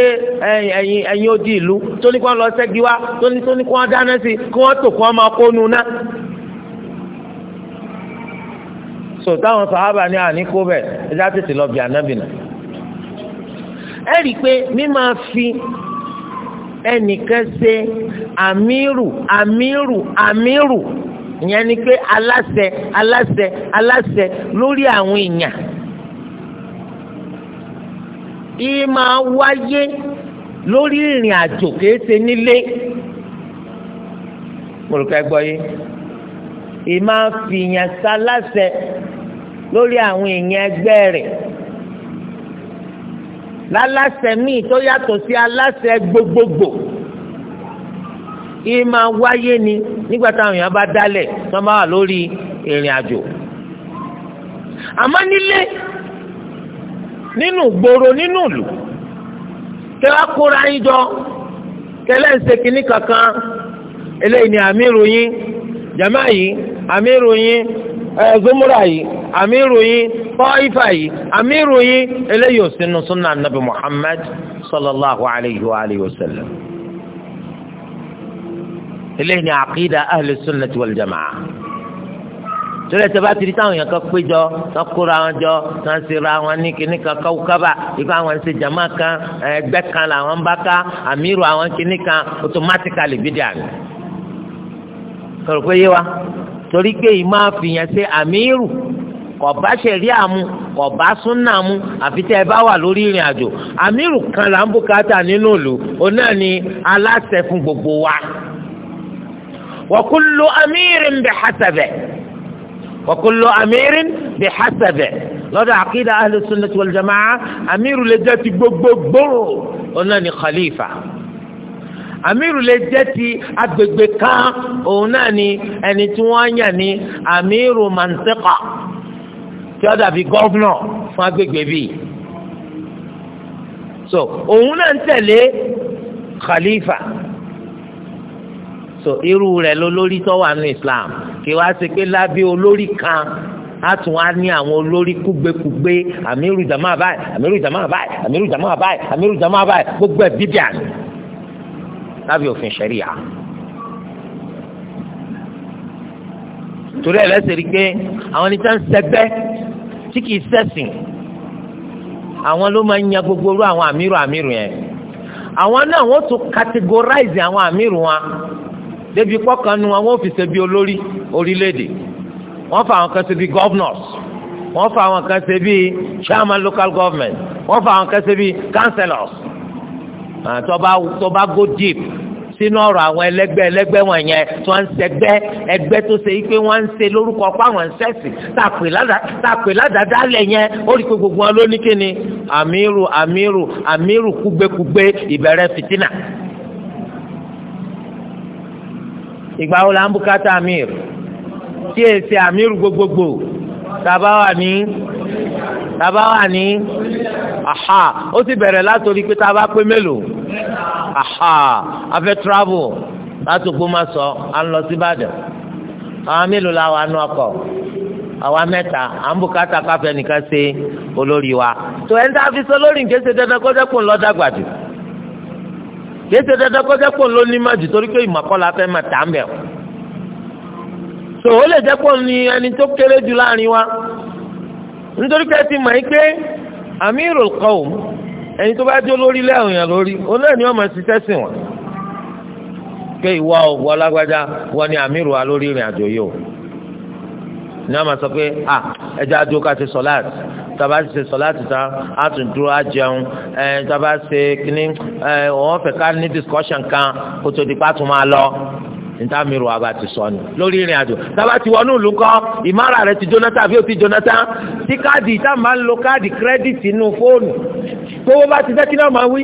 S1: ẹyin ẹ̀yìn odi ìlú tó ní kí lọ ṣẹ́gi wá tó ní tó ní kí dáná sí kí kí máa kó nu náà. táwọn sàhábà àní kó ẹ ẹnìkan ṣe àmírù àmírù àmírù ìyẹn ni pé aláṣẹ aláṣẹ aláṣẹ lórí àwọn èèyàn ìyẹn máa wáyé lórí ìrìn àjò kìí nílé mo rò pé gbọ́ fìyàn sáláṣẹ lórí àwọn èèyàn ẹgbẹ́ láláṣẹ míì tó yàtọ̀ sí aláṣẹ gbogbogbò yìí máa wáyé ni nígbà táwọn èèyàn bá dálẹ̀ tó bá wà lórí ìrìn àjò àmọ́ nílé nínú gbòòrò nínú ìlú tẹ wá kóra yín jọ tẹlẹ ń ṣe kinní kankan eléyìí ni àmì ìròyìn jàmáà yìí àmì ìròyìn zomora yìí amiru yìí tọ́ífà yìí amiru yìí eléyìí ò sínú sunna anabi muhammad sallallahu alayhi wa alayhi wa sallam eléyìí ni àkídà ahlu sunnati wal jamaa torí ẹsẹ̀ bá ti di táwọn èèyàn kan péjọ kan kóra wọn jọ kan sera wọn ní kíní kan káwùkábà ikú àwọn ṣe jama kan ẹgbẹ́ kan làwọn bá ká àmírù àwọn kíní kan automatically bí dànù. sọ̀rọ̀ pé yé wa torí pé ìmọ̀ àfihàn ṣe àmírù kò bá ṣẹ̀ríà mu kò bá súnà mu àfi tẹ́ ẹ bá wà lórí ìrìn àjò àmírù kan là ń bùkátà nínú ìlú òun náà ni aláṣẹ fún gbogbo wa. wa kullu amírin bi hasabe wa amírin bi hasabe lọ́dọ̀ àkídà ahlus sunnati wal jamaa lè jẹ́ ti gbogbogbò òun náà ni khalifa. Amiru lè jẹ́ ti agbègbè kan òun náà ni ẹni tí wọ́n yàn ní amíru mantiqa tí ó dàbí gọ́vnọ̀ fún agbègbè bíi so òun náà ń tẹ̀lé khalifa so irú rẹ̀ ló lórí tó wà ní islam kí wá ṣe pé lábẹ́ olórí kan a tún wá ní àwọn olórí kúgbékúgbé àmírù jama báyìí àmírù jama báyìí àmírù jama báyìí àmírù jama báyìí gbogbo ẹ̀ bíbí àná lábẹ́ òfin ṣẹ̀ríà. torí ẹ̀ lẹ́sẹ̀ rí pé àwọn ẹni tí wọ́n ń ṣẹgbẹ́ tí kì í ṣẹ̀sìn àwọn ló máa ń yan gbogbo irú àwọn àmírù àmírù yẹn àwọn náà wọ́n tún categorize àwọn àmírù wọn débi pọ́kànnù wọn wọ́n fi ṣe bí olórí orílẹ̀-èdè wọ́n fa àwọn kan ṣe bí governors wọ́n fa àwọn kan ṣe bí chairman local government wọ́n fa àwọn kan ṣe bí councillors tọba ah, tọba go deep sínú ọ̀rọ̀ àwọn ẹlẹgbẹ́ ẹlẹgbẹ́ wọn yẹn tí wọ́n ń ṣẹgbẹ́ ẹgbẹ́ tó ṣe yí pé wọ́n ń ṣe lórúkọ páwọn ṣẹ́ẹ̀sì tàpé ládàdálẹ̀ yẹn ó rí pé gbogbo wọn ló ní amiru amiru amiru àmírù kúgbékúgbé ìbẹ̀rẹ̀ fitina. ìgbà wo la ń bùkátà àmírù tí èsì amiru gbogbogbò. tàbá wà ní tàbá wà ní aha ó ti bẹ̀rẹ̀ látòrí pé tàbá pé mélòó aha afẹ́ travel láti Ògbómọ̀ṣọ́ à ń lọ sí Ìbàdàn àwọn mélòó la wà nú ọkọ̀ àwa mẹ́ta à ń bùkátà káfẹ́ nìkan ṣe olórí wa tó ẹni tá a fi sọ lórí nǹkan ṣe dandan kọjá kó ń lọ dàgbà jù kì í ṣe dandan kọjá kó ń lọ ní màjù torí pé ìmọ̀kọ́ la fẹ́ máa tà ń bẹ̀rù so ó lè jẹ́ pọ̀ ní ẹni tó kéré jù láàrin wa nítorí pé ti mọ̀ yí pé amirul qawm ẹni tó bá jó lórí lẹ́hìn yẹn lórí òun náà ni wọ́n máa ṣiṣẹ́ sìn wọ́n pé ìwọ ọ̀gbọ́n lágbájá wọ́n ní amiru wa lórí ìrìn àjò yìí o ní wọ́n máa sọ pé à ẹja adó ká ṣe sọ́láàtì tàbá ṣe sọ́láàtì tán á tún dúró á jẹun ẹ tàbá ṣe kínní ẹ wọ́n fẹ́ ká ní discussion kan kó tó di pátó máa lọ níta mi rò àbá ti sọ ni lórí ìrìn àjò tábà ti wọnú ìlú kọ ìmárà rẹ ti jóná tàbí ó ti jóná tán tí káàdì ìta máa ń lo káàdì kírẹ́dìtì inú fóònù gbogbo bá ti dẹ́kí náà máa wí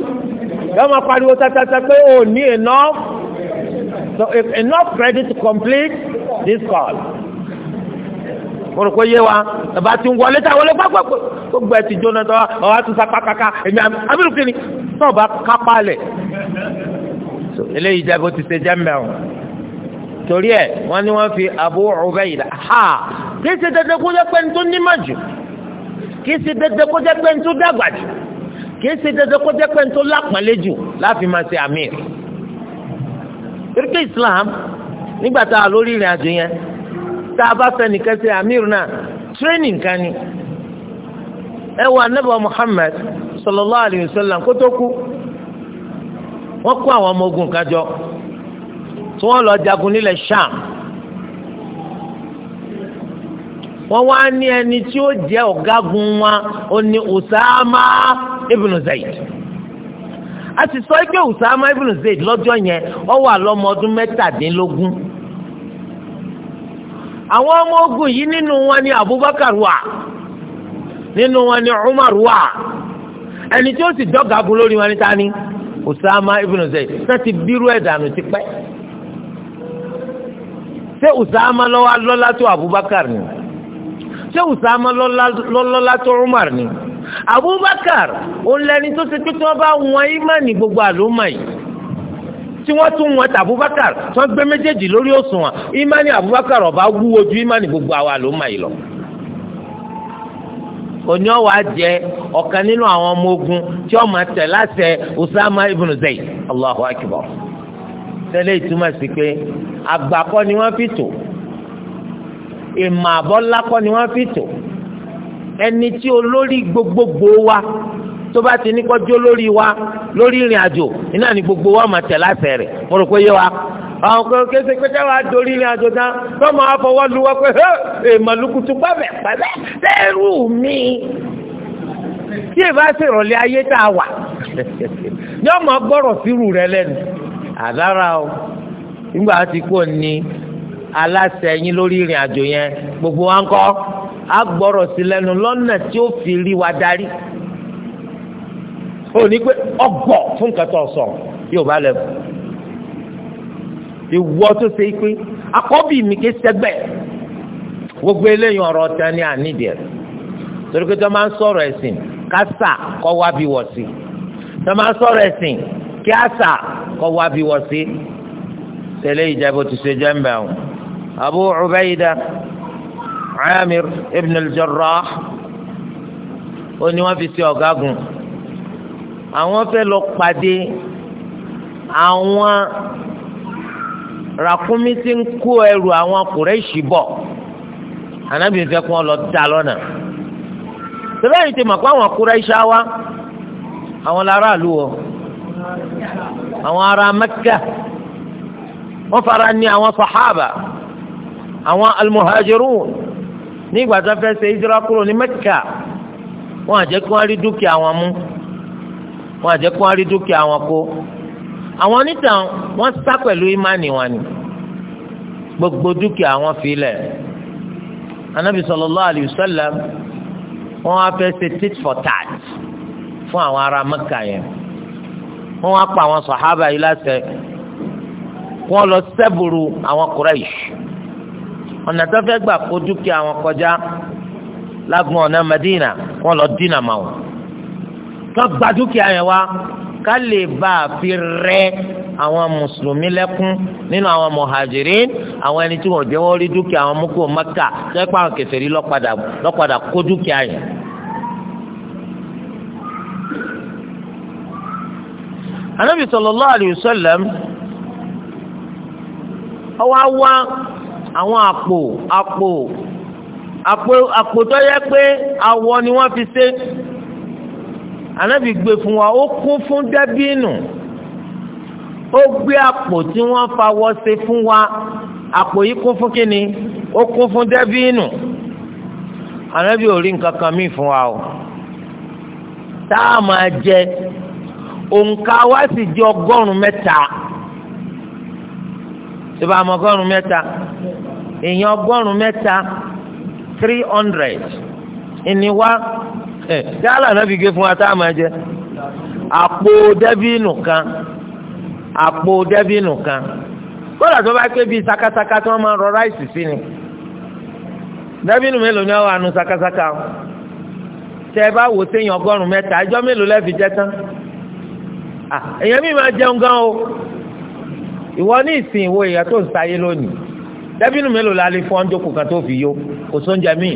S1: yóò máa pariwo tatata pé o ní enough so if enough credit to complete this call mo rò pé yé wa bàbá ti ń wọlé tá wọlé pápákọ̀ gbogbo ẹ ti jóná tán ọ̀ sapá kàkà èmi àbúrò kìíní tó o bá kápá lẹ̀ eléyìí jẹ́ bó ti ṣe jẹ́ mẹ́rin. torí ẹ wọ́n ní wọ́n fi Abu Ubayda ha kí si dandan kó jẹ́ pé ní tó nímọ̀ jù kí si dandan kó jẹ́ pé ní dàgbà jù kó pé jù ṣe Islam nígbà tá a lórí ìrìn àjò yẹn tá a bá fẹ́ nìkan ṣe àmì náà tírénì nǹkan ni. Ẹ wo Ànábì Muhammad sallallahu alayhi wa sallam kó wọn kú. kó àwọn ọmọ ogun kan jọ tí wọ́n lọ jagun nílẹ̀ sham wọ́n wá ní ẹni tí ó jẹ́ ọ̀gágun wa ó ní usama ibn zayd a sì sọ pé usama ibn zayd lọ́jọ́ yẹn ó wà lọ́mọ ọdún mẹ́tàdínlógún àwọn ọmọ ogun yìí nínú wọn ni abubakar wà nínú wọn ni umar wà ẹni tí ó sì dọ́gàgun lórí wọn ní ni usama ibn zayd náà ti bírú ẹ̀dànù ti pẹ́. ṣé Usama lọ́wọ́ lọ́lá tó Abubakar ni ṣé Usama lọ́lá tó Umar ni Abubakar òun lẹni tó ṣe pé tí wọ́n bá wọn ìmánì gbogbo àlùmọ̀ yìí tí wọ́n tún wọn tà Abubakar tí wọ́n gbé méjèèjì lórí òṣùwọ̀n ìmánì Abubakar ọba wúwo ju ìmánì gbogbo àwọn àlùmọ̀ yìí lọ òní ọwọ àjẹ ọ̀kan nínú àwọn ọmọ ogun tí ọmọ tẹ láṣẹ Usama ibn Zayd Allahu akbar tẹ́lẹ̀ ìtumọ̀ sí pé àgbà kọ́ ni wọ́n fi tò ìmọ̀ àbọ́lá kọ́ ni wọ́n fi tò ẹni tí olórí gbogbogbò wa tó bá ti ní kọjú olórí wa lórí ìrìn àjò iná ni gbogbo wa máa tẹ̀ láṣẹ rẹ̀ mo rò pé yé wa àwọn kan kése pé táwa dorí ìrìn àjò tán tó máa fọwọ́ lu wọ́n pé èèmọ̀lùkùtù pàbẹ̀ pàbẹ̀ lẹ́rù mi tí èèbá ṣèrọ̀lẹ́ ayé tá a wà yọ́ọ́ [LAUGHS] máa gbọ́rọ̀ sírù rẹ lẹ́nu. àdára o nígbà tí kò ní aláṣẹ yín lórí ìrìn àjò yẹn gbogbo wa ń kọ́ á gbọ́rọ̀ tí ó fi rí wa darí ó ní pé ọgbọ̀ fún sọ yóò bá lẹ́bù ìwọ tó ṣe pé akọ́bí mi ké gbogbo eléyìí torí pé máa ń sọ̀rọ̀ kọ́ wá bí wọ́n sí tẹ́lẹ̀ ìjábọ̀ tó ṣe jẹ́ mbẹ́ o. abu ubaida amir ibn al-jarrah ó ní wọ́n fi ṣe ọ̀gágun àwọn fẹ́ lọ pàdé àwọn ràkúnmí tí ń kó ẹrù àwọn kùrẹ́ṣì bọ̀ anábì fẹ́ kí wọ́n lọ dá lọ́nà tẹ́lẹ̀ yìí ti mọ̀ pé àwọn kùrẹ́ṣì á àwọn láràlú o àwọn ará mẹ́kà wọ́n fara ní àwọn sàhábà àwọn almuhajirun nígbà tó fẹ́ ṣe ìjọra kúrò ní mẹ́kà wọ́n àjẹ́ kí wọ́n rí dúkìá wọn mú wọ́n àjẹ́ kí wọ́n rí dúkìá wọn kó àwọn onítàn wọ́n sá pẹ̀lú ìmánì wọn ni gbogbo dúkìá wọn fi anabi sallallahu alayhi wa sallam fẹ́ ṣe tit for tat fún àwọn ará mẹ́kà yẹn. wọn wá pa àwọn sàhábà yìí láṣẹ ọ lọ sẹ́bùrù àwọn Quraysh ọ̀nà tó fẹ́ gbà kó dúkìá àwọn kọjá lágùn ọ̀nà Madina ọ lọ dínà máa wọn gba dúkìá yẹn wá ká lè a fi rẹ́ àwọn mùsùlùmí lẹ́kún nínú àwọn muhajirin àwọn ẹni tí wọ́n jẹ́wọ́ rí dúkìá àwọn mú kó tó pa àwọn anabi sallallahu alayhi wa sallam ọwọ́ wá àwọn àpò àpò àpò àpò tó yẹ pé awọ ni wọ́n fi ṣe anabi gbé fún wa ó kún fún dàbínù ó gbé àpò tí wọ́n fawọ́ ṣe fún wa àpò yìí kún fún kínni ó kún fún dàbínù anabi ò rí nǹkan kan míì fún wa o tá a máa jẹ òǹkà wa sì jẹ ọgọ́rùn mẹ́ta tó bá mọ ọgọ́rùn mẹ́ta èèyàn ọgọ́rùn mẹ́ta three hundred ìníwá ẹ dáhàlà náà fi gé fún wa tá a máa jẹ àpò dẹ́bìnù kan àpò dẹ́bìnù kan kódà tó bá pé bíi sakasaka tí ma máa ń rọ ráìsì sí ni dẹ́bìnù mélòó ni wọ́n sakasaka o tẹ́ ẹ bá wò séèyàn ọgọ́rùn mẹ́ta ẹjọ́ mélòó lẹ́ẹ̀fi jẹ́ tán. Ah, èèyàn mi máa jẹun gan o ìwọ ní ìsìn ìwọ èèyàn tó ń sáyé lónìí dẹ́bínú mélòó la lè fọ́n jókòó kan tó fi yó kò sóúnjẹ míì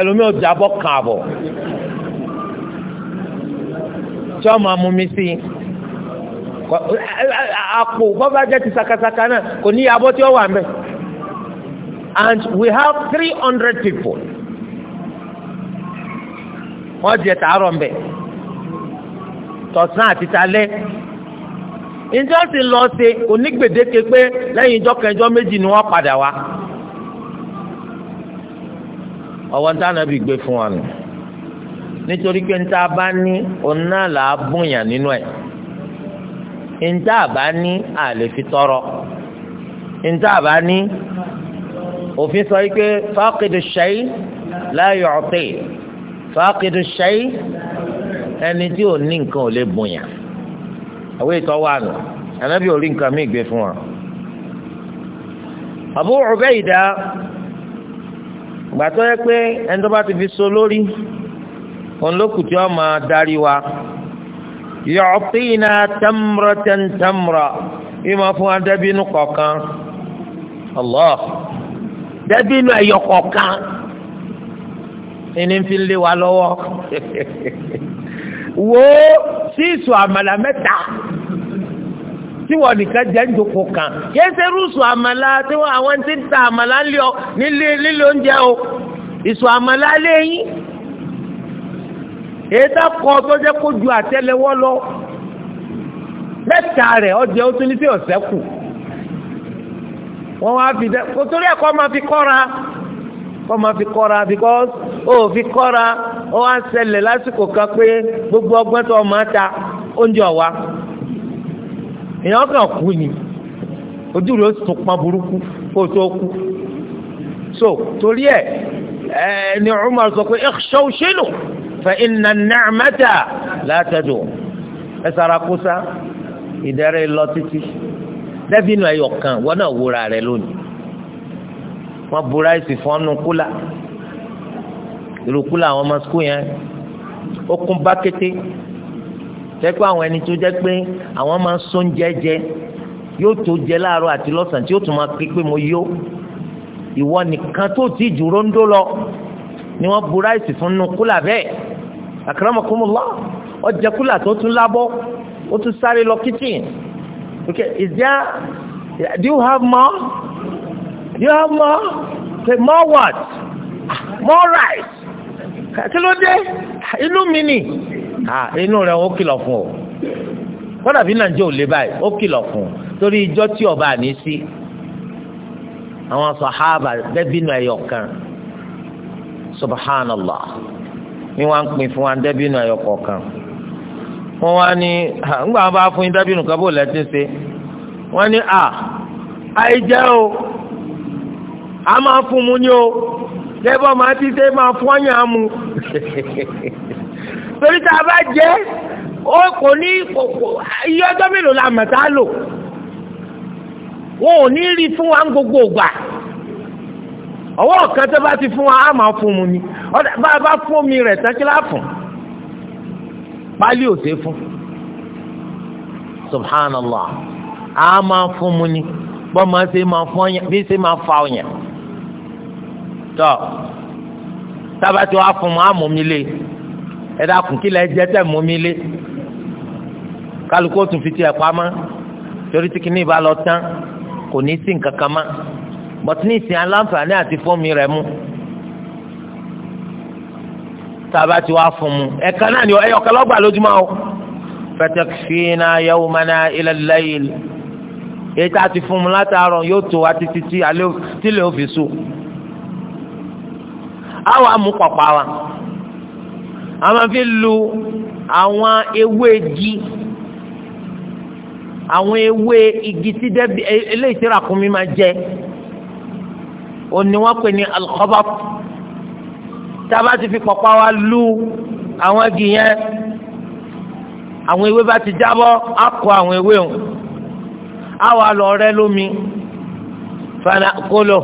S1: ẹlòmíì ò jábọ́ kàn àbọ̀ tí wọ́n máa mú mi sí àpò bọ́bá ti sakasaka náà kò ní abọ́ tí ó wà ń bẹ̀ and we have three hundred people wọ́n jẹ tàárọ̀ ń bẹ̀ tọ̀sán àti talẹ́ ìjọ sì lọ ṣe onígbèdéke pé lẹ́yìn ìjọ kẹjọ méjì ni wọ́n padà wá ọwọ́ ń tànà bí gbé fún wa nù nítorí pé ń tá a bá ní òun náà là á bùnyàn nínú ẹ̀ ń tá a bá ní àlè fi tọrọ ń tá a bá ní òfin sọ yìí pé fáàkìdì ṣẹ́yìn láàyò ọ̀tẹ̀ fàákìdù ṣẹ́yí ẹni tí ò ní nǹkan ò lè bùnyàn àwọn ètò wà nù ànábì ò rí nǹkan mí gbé fún wa. Abu Ubaida gbàtọ́ yẹ pé ẹni tó bá ti fi so lórí òun ló kù tí darí wa yọ̀ọ́pìnà tamratan bí máa fún wa dẹ́bínú kọ̀ọ̀kan Allah dẹ́bínú ẹ̀yọ̀ kọ̀ọ̀kan ìní fi lé wa lọ́wọ́ [LAUGHS] wo sísù àmàlà mẹ́ta tí wọ́n nìkan jẹ́ njoko kan yẹ ṣe rúṣù àmàlà tí wọ́n àwọn ti ń ta àmàlà ńlẹ̀ nílé lílo oúnjẹ o ìṣù àmàlà lẹ́yìn èyí tá kọ́ tó jẹ́ kó ju àtẹ́lẹwọ́ lọ mẹ́ta rẹ̀ ọjọ́ ó tún ní sí ọ̀sẹ́ kù wọ́n wá fi dẹ́ kò torí ẹ̀kọ́ máa fi kọ́ra kọ́ máa fi kọ́ra because ó fi kọ́ra ó wá ṣẹlẹ̀ lásìkò kan pé gbogbo ọgbọ́n tó máa ta oúnjẹ ọ̀wá èèyàn kàn kú ni ojú rẹ̀ ó tún pọn burúkú kó tó kú so torí ẹ ẹ ni Umar sọ pé ikhshaw shinu fa inna an-ni'mata la tadur ẹ sara kúsa ìdẹ́rẹ́ lọ títí dẹ́bìnú ẹ̀yọ̀ kan wọ́n náà wúra rẹ̀ lónìí wọ́n bu ráìsì fún ọ́nù kúlà irú kúlà àwọn ọmọ sukùl yẹn ó kún bákété jẹ́ pé àwọn ẹni tó jẹ́ pé àwọn máa ń sún jẹ́jẹ́ yóò tó jẹ láàárọ̀ àti lọ́sàn-án tí yóò tún máa ké pé mo yó ìwọ nìkan tó ti dúró ń dó lọ ni wọ́n bu ráìsì fún nu kúlà bẹ́ẹ̀ akramakumullah ó jẹ kúlà tó tún lábọ́ ó tún sáré lọ kitchen okay is there do you have more. Ya Allah, say more what? More rice. Kí ló dé? Inú mi ni. Ah, inú rẹ̀ ó kìlọ̀ fún o Wọ́n dàbí Nàìjíríà ò lè báyìí, ó kìlọ̀ fún ọ. Torí ijọ́ tí ọba àní sí. Àwọn sàhábà dẹ́bínú ẹyọ kan. Subhanallah. Ni wọ́n ń pin fún wa dẹ́bínú ẹyọ kọ̀ọ̀kan. Wọ́n wá ní, ńgbà wọn bá fún yín dẹ́bínú kan bó lẹ́tí ṣe. Wọ́n ní, à, ah, àìjẹ́ o. a máa fún mu ní o lẹ́bọ̀ máa ti ṣe máa fún ọ̀yàn mu [LAUGHS] torí tá a bá jẹ́ ó kò ní iye ọjọ́ mélòó la mọ̀ tá a lò wọn ò ní rí fún wa ń gbogbo ògbà ọwọ́ kan tó bá ti fún wa á máa fún mu ni bá a bá fún omi rẹ̀ tán kí láà fún pálí ò ṣe fún subhanallah a máa fún mu ni bọ́ máa ṣe máa fún ọyàn bí ṣe máa fa ọyàn tọ́ tábàtì wàá fún mu àmú mi lé ẹ dákun kí lẹ jẹ tẹ mú mi lé kálukú ó tún fi tiẹ̀ pamọ́ torí tí kìíní ìbá lọ tán kò ní sí nǹkan kan mọ́ bọ́tí ní ìsìn aláǹfààní àti fómi rẹ̀ mú tába tí wàá fún mu ẹ̀ka náà ni ẹ̀yọ̀ kan lọ́gbà lójúmọ́ o fatakfina yawmana ila al-layl èyí tá a ti fún mu látàárọ̀ yóò tó wa títí tí alẹ́ tí lè ó fi sùn àwọn amúpọ̀pá wa a máa fi lu àwọn ewé igi àwọn ewé igi tí dẹ́bi eléyìí tí ràkúnmí máa jẹ òní wọ́n pè ní alkọ́bọ́p tá a bá ti fi pọ̀pá wa lu àwọn igi yẹn àwọn ewé bá ti jábọ́ á àwọn ewé o á lọ rẹ lómi fana kóló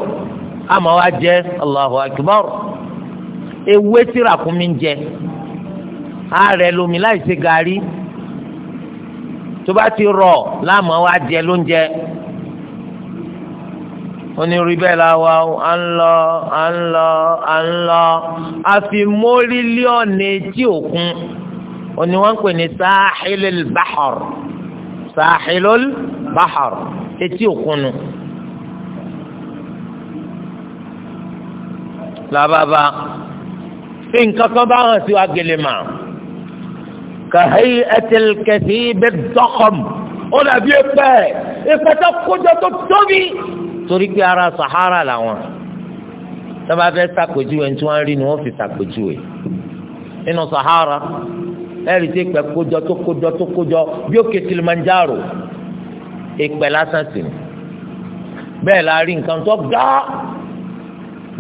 S1: àmọ́ wa jẹ́ Allahu akbar ewé tí ràkúnmí ń jẹ ààrẹ lomi láì ṣe gàrí tó bá ti rọ̀ láàmú wa jẹ lóúnjẹ onírú bẹ́ẹ̀ la wa à ń lọ à ń lọ à ń lọ àfi mórílíọ̀nù etí òkun òní wọ́n ń pè ní sáhìlìl báhọ̀r sáhìlìl báhọ̀r etí òkun nu. làbàbà fi nǹkan kan bá hàn sí wa gèlè mà kàhí ẹtìlkẹtì bẹ dọkọm ó dàbí ẹ̀pẹ̀ ẹ̀pẹ̀ tó kójọ tó tóbi torí pé ara sahara làwọn tọ́ba fẹ́ sàkójúwe tí wọ́n rí ni wọ́n fi sàkójúwe nínú sahara ẹ̀rí tí ẹ̀pẹ̀ kójọ tó kójọ tó kójọ bí òkè Kilimanjaro ẹ̀pẹ̀ lásán sí ni bẹ́ẹ̀ la rí nǹkan tó gá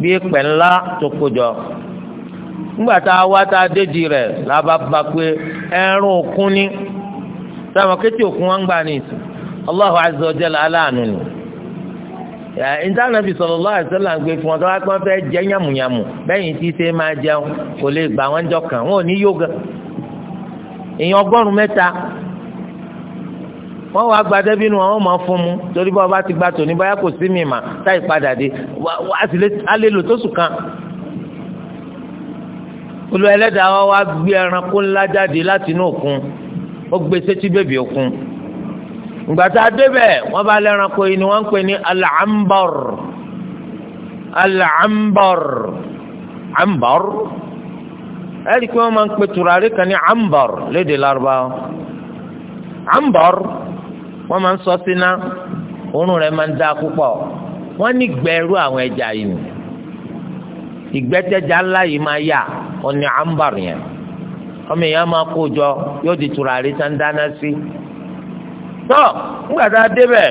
S1: bí ẹ̀pẹ̀ ńlá tó kójọ. nígbà tá a wá tá a déjì rẹ̀ bá ba pé ẹrún òkun ni sábà kétí òkun wọn gbà ní ìsìn Allahu azza aláàánú ni ìtànàbì sallallahu Lọ́wọ́ wasallam ń gbé fún ọ tó wá jẹ́ yàmùyàmù tí máa jẹun kò lè gbà wọn jọ kàn wọn ò ní yóga èèyàn ọgọ́rùn mẹ́ta Wọ́n bínú àwọn ọmọ fún mu torí bá bá ti ní báyà olú ẹlẹ́dàá wa wá gbé ẹranko ńlá jáde láti inú òkun ó gbé e sétí bèbè òkun ngbàtà débẹ̀ wọ́n bá lẹ́ranko yìí ni wọ́n ń pè ní al-anbar al-anbar anbar ẹ̀rí pé wọ́n máa ń pè tùràrí kan ní anbar lédè lárúbáwá anbar wọ́n máa ń sọ sínú òórùn rẹ̀ máa ń dá púpọ̀ wọ́n ní gbẹ̀rú àwọn ẹja yìí Igbete ńlá yìí máa yà ọ̀nì àǹbàr yẹn ọmọ èèyàn máa kó jọ yóò di tùràrí tá ń dáná sí. tó ńgbà tá a débẹ̀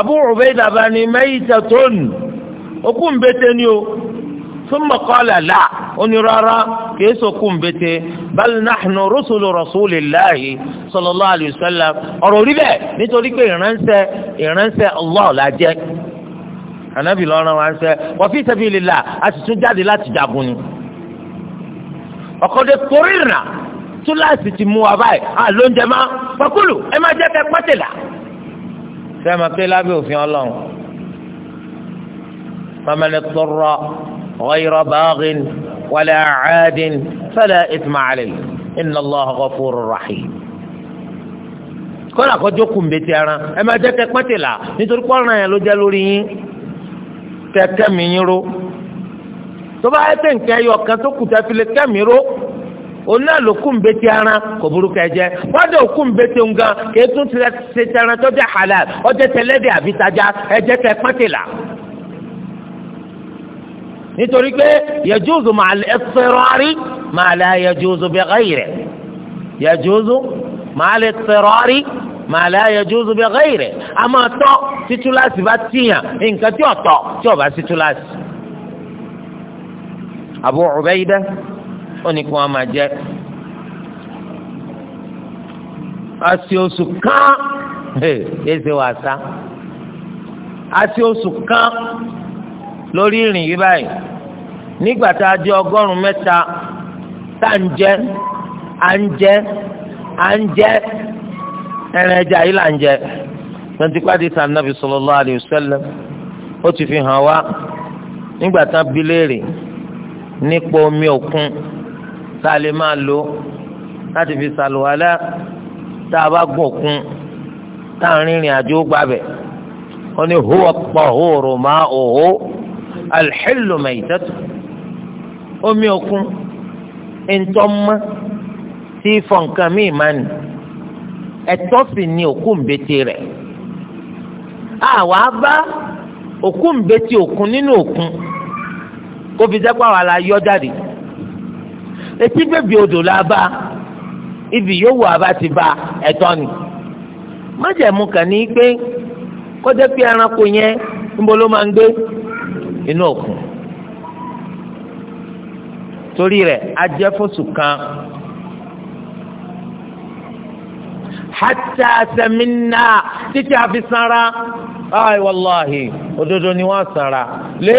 S1: Abu Ubayda bá ní maytatun òkú ń bete ni o thumma qala la onírọ́rọ́ kìí bal nahnu rusulu rasulillahi sallallahu alayhi wa sallam ọ̀rọ̀ orí bẹ́ẹ̀ nítorí pé ìránṣẹ́ ìránṣẹ́ jẹ́. ànábì lọ́rùn wa ń sẹ́ wọ́n fi sabilillah a sì tún jáde láti jagun ni. ọ̀kọ́dẹ torí ìrìnà túláàsì ti mú wa báyìí à ló ń jẹ má fakulu ẹ má jẹ́ kẹ́ pátìlà. sẹ́mi pé lábẹ́ òfin ọlọ́run faman ittara ghayra baghin wala 'adin fala ithma alayhi inna Allaha ghafurur kọ́lá kọjọ́ kùn bẹ́tẹ̀ ẹran ẹ máa jẹ́ kẹ́ pẹ́tẹ̀ là nítorí pọ́nrán yẹn ló jẹ́ lórí yín kẹ kẹmi yín ró tó bá yẹ pé yọ ẹyọ kan tó kù tẹfi lè kẹmí ró òun náà ló kún bẹ́tẹ̀ ara kò burúkú ẹ jẹ wọ́dọ̀ kún ń gan kì í tún ṣe ara tó jẹ́ halal ọjọ́ tẹlẹ́dẹ̀ àbí tajà ẹ jẹ́ tẹ là nítorí pé yẹjúzù màá lẹ fẹrọrí màá lẹ yẹjúzù bẹ gáyìrẹ yẹjúzù màá lẹ fẹrọrí. ma la yajuzu bi ghayri a máa tọ́ títúláàsì bá tìyàn nǹkan tí ò tọ́ tí ò bá títúláàsì. Abu Ubaida ó ní kí wọ́n máa jẹ́ àti oṣù kan ẹsẹ̀ wà sá àti oṣù kan lórí ìrìn yìí báyìí nígbà tá a di ọgọ́rùn-ún mẹ́ta tá à ń jẹ́ à ń jẹ́ à ń jẹ́ ẹran ẹja yìí là ń jẹ tẹ̀síkpàdé ta nàbì sallallahu alayhi wa sallam ó ti fi hàn wá nígbà tán bilérì nípa omi òkun tá a lè máa lò láti fi sàlùwálẹ́ tá a bá gùn òkun tá a rìnrìn àjò gbàbẹ̀ ó ní huwa at-tahuru ma'uhu al-hillu maytatuhu omi òkun ntọ́mọ́ tí fọ̀nkàmí ìmánì. ẹ̀tọ́ sì ni òkú ńbẹ́tì rẹ̀ àwa bá òkú ńbẹ́tì òkun nínú òkun kó fi la yọ jáde etí odò la bá ibi yòówù aba ti ba ni májẹ̀mú kàn ní pé kọjá pé ẹranko yẹn níbo ló máa ń gbé inú òkun torí rẹ̀ ajẹ́fọ́sù kan. hàtà sẹ́mínà títí àfi sanra ayi wàláhi òdodo ni wọ́n sanra lé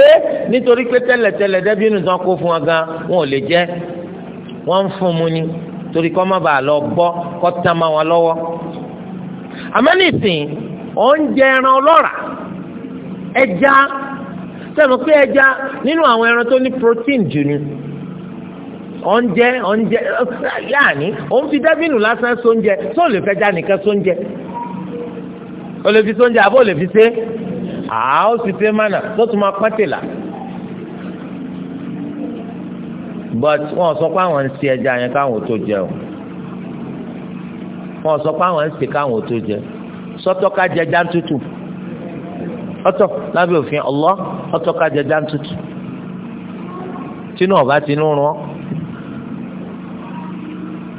S1: nítorí pé tẹ́lẹ̀tẹ́lẹ̀ dẹ́bí inú tán kó fún wọn gan wọn ò lè jẹ́ wọ́n ń fún mu ni torí kọ́ má bàa lọ gbọ́ kọ́ tán wọn lọ́wọ́ àmọ́ oúnjẹ ẹran ọlọ́ra ẹja sẹ́nu pé ẹja nínú àwọn ẹran tó ní protein jù ni ọ̀njẹ́ ọ̀njẹ́ yáàní òun fi dẹ́bìnù lásán sóúnjẹ tó lè fẹjá nìkan sóúnjẹ o lè fi sóúnjẹ àbó o lè fi sé àá ó sì sé mánà tó tún máa pẹ́tẹ̀ là but wọn sọ pé àwọn ń ṣe ẹja yẹn káwọn ò tó jẹ o wọn sọ pé àwọn ń ṣe káwọn ò tó jẹ sọtọ ká jẹ jántutù ọ̀tọ̀ lábẹ́ òfin ọlọ ọ̀tọ̀ ká jẹ jántutù tínú ọba tínú rún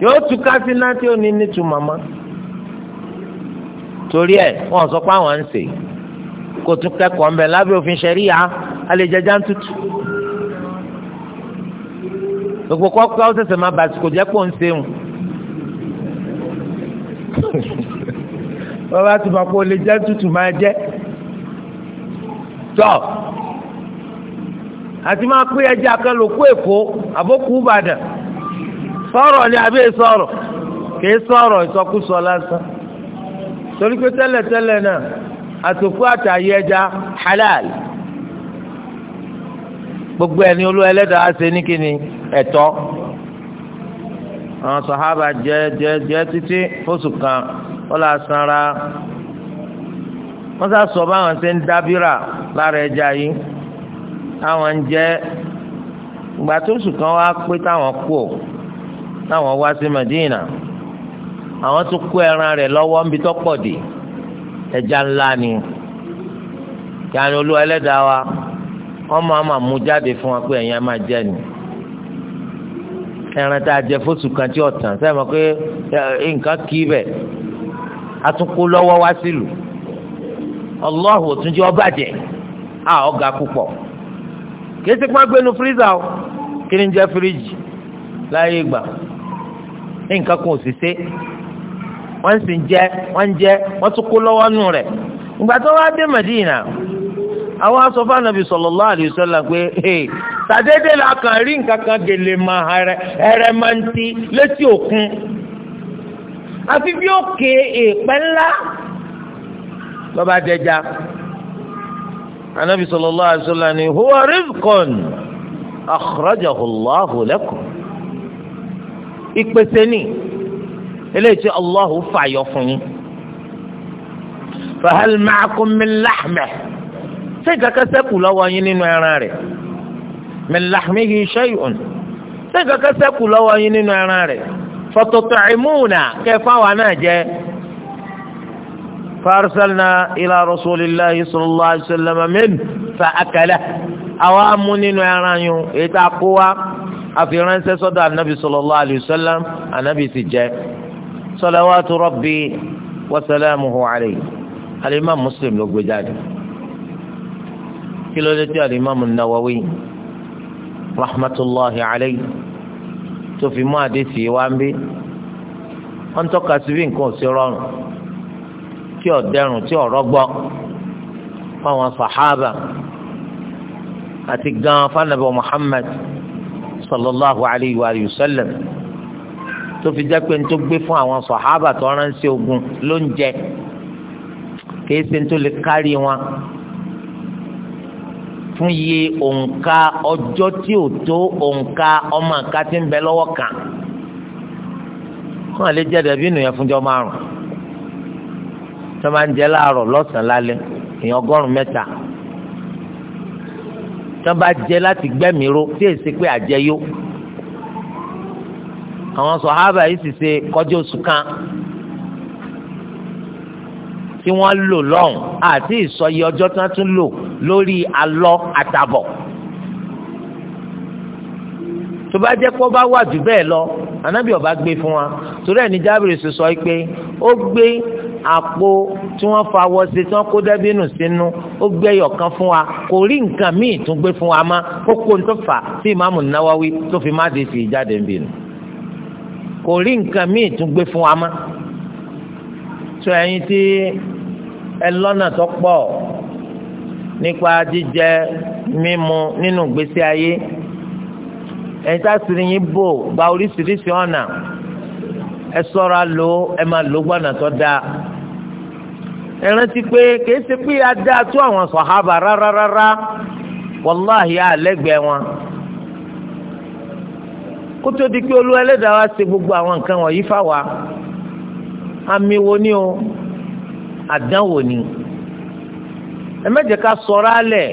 S1: yóò túká sí náà tí ó ní nítumọ̀ mọ́ torí ẹ̀ wọ́n sọ pé àwọn ń sè kò tún kẹ́kọ̀ọ́ ń bẹ lábẹ́ òfin ṣẹ̀ríyà alẹ́jẹjá ń tutù gbogbo kọ́kọ́ ó ṣẹ̀ṣẹ̀ máa bàtí kò jẹ́ pò ń sehun wọ́n bá ti mọ̀ pé o lè tutù máa jẹ́ tọ́ àti máa pé ẹja kan lò èkó àbókù Ìbàdàn sọ̀rọ̀ ni àbí sọ̀rọ̀ kìí sọ̀rọ̀ ìsọkúsọ lásán torí pé tẹ́lẹ̀tẹ́lẹ̀ náà àtòkú àtàyè ẹja halal gbogbo ẹni olú ẹlẹ́dàá ṣe ní kíni ẹ̀tọ́ àwọn sọ̀hábà jẹ jẹ jẹ títí oṣù kan ó là sanra wọ́n sá sọ báwọn ṣe ń dábìrà lára ẹja yìí àwọn ń jẹ ìgbà tó kan wá pé táwọn kú o. táwọn wá sí Madina àwọn tún kó ẹran rẹ̀ lọ́wọ́ níbi tó pọ̀ dé ẹja ńlá ni yàrá olú ẹlẹ́dàá wa wọ́n máa máa mú jáde fún wa pé ẹ̀yin á máa jẹ ni ẹran tá a jẹ fóṣù kan tí ọ̀tàn sẹ́yìn mọ̀ pé nǹkan kì í bẹ̀ atukó lọ́wọ́ wá sílùú ọlọ́hùn òtúnjẹ́ ọba jẹ a ọ̀gá púpọ̀ kí ẹ ti pọ́n gbénu fírísà o kí ni jẹ́ fíríjì láyé ìgbà. nǹkan kan ò sì ṣe wọ́n sì ń jẹ wọ́n ń jẹ wọ́n tún kó lọ́wọ́ nù rẹ̀ ìgbà tó wá dé Madina àwọn aṣọ fànàbí sallallahu alaihi wasallam pé tàdédé la kàn rí nǹkan kan gèlè mà ẹrẹ máa ń ti létí òkun àfi bí òkè èèpẹ̀ ńlá lọ́ba dẹja anabi sallallahu alaihi wasallam ni huwa rizqun akhrajahu Allahu lakum ìpèsè ni eléyìí tí Allahu fàyọ fún yín fahal ma'akum min lahmẹ ṣé kankan ṣẹ́kù lọ́wọ́ yín nínú ẹran rẹ̀ min lahmihi shay'un ṣé kankan ṣẹ́kù lọ́wọ́ yín nínú ẹran rẹ̀ fatut'imuna kẹfà wà náà jẹ. فارسلنا الى رسول الله صلى الله عليه وسلم منه فاكله او امنين يرانيو اتقوا àfiránṣẹ́ sọ́dọ̀ anabi sallallahu alayhi wa sallam anabi ti jẹ́ salawatu rabbi wa salamuhu alayhi alimam muslim ló gbé jáde kí ló dé tí alimam nawawi rahmatulahi alayhi tó fi mú àdéhìí wá ń bí wọ́n tọ́ka sí nǹkan ò sí rọrùn tí ò dẹrùn tí ò rọgbọ fáwọn sàhábà àti gan fanabi muhammad sallallahu alayhi wa sallam tó fi jẹ́ pé n tó gbé fún àwọn sọ̀hábà tó ránṣẹ́ ogun ló ń jẹ kìí ṣe n tó lè kárí wọn fún iye òǹkà ọjọ́ tí ò tó òǹkà ọmọ àká tí ń bẹ lọ́wọ́ kan wọn lè jẹ dàbí nìyẹn fúnjọ́ márùn tó máa ń jẹ láàárọ̀ lọ́sàn-án lálẹ́ èèyàn ọgọ́rùn-ún mẹ́ta tó bá jẹ láti gbẹ́mìí ró tí èsì pé àjẹyó àwọn sọ̀hábà yìí sì ṣe kọjá oṣù kan tí wọ́n lò lọ́hùn àti ìsọyí ọjọ́ tí wọ́n tún lò lórí alọ́ àtàbọ̀ tó bá jẹ́ pé ó bá wà jù bẹ́ẹ̀ lọ anábì ọba gbé fún wa torí ẹ̀ ní jábìrì sọ pé ó gbé àpò tí wọ́n fa awọ sí tí wọ́n kó dẹ́bínú sínú ó gbẹ́yọ̀ kan fún wa kò rí nǹkan míì tún gbé fún wa mọ́ ó kó ń tó fà tí ìmáàmù Nawawi tó fi má di sí ìjáde ń bínú kò rí nǹkan míì tún gbé fún wa mọ́ tó ẹ̀yin tí ẹ lọ́nà tó pọ̀ nípa jíjẹ mímu nínú ìgbésí ayé ẹ̀yin tá sì yín bò gba oríṣiríṣi ọ̀nà ẹ ṣọ́ra lò ẹ máa lò gbọ́nà tó dáa ẹ rántí pé kìí ṣe pé adá tó àwọn sọ̀hábà rárárárá wàláhì àlẹ́gbẹ̀ẹ́ wọn kó tó di pé olú ẹlẹ́dàá wa ṣe gbogbo àwọn nǹkan wọ̀nyí fáwa àmì wo ni o àdánwò ni ẹ má jẹ́ ká sọ̀rọ̀ alẹ̀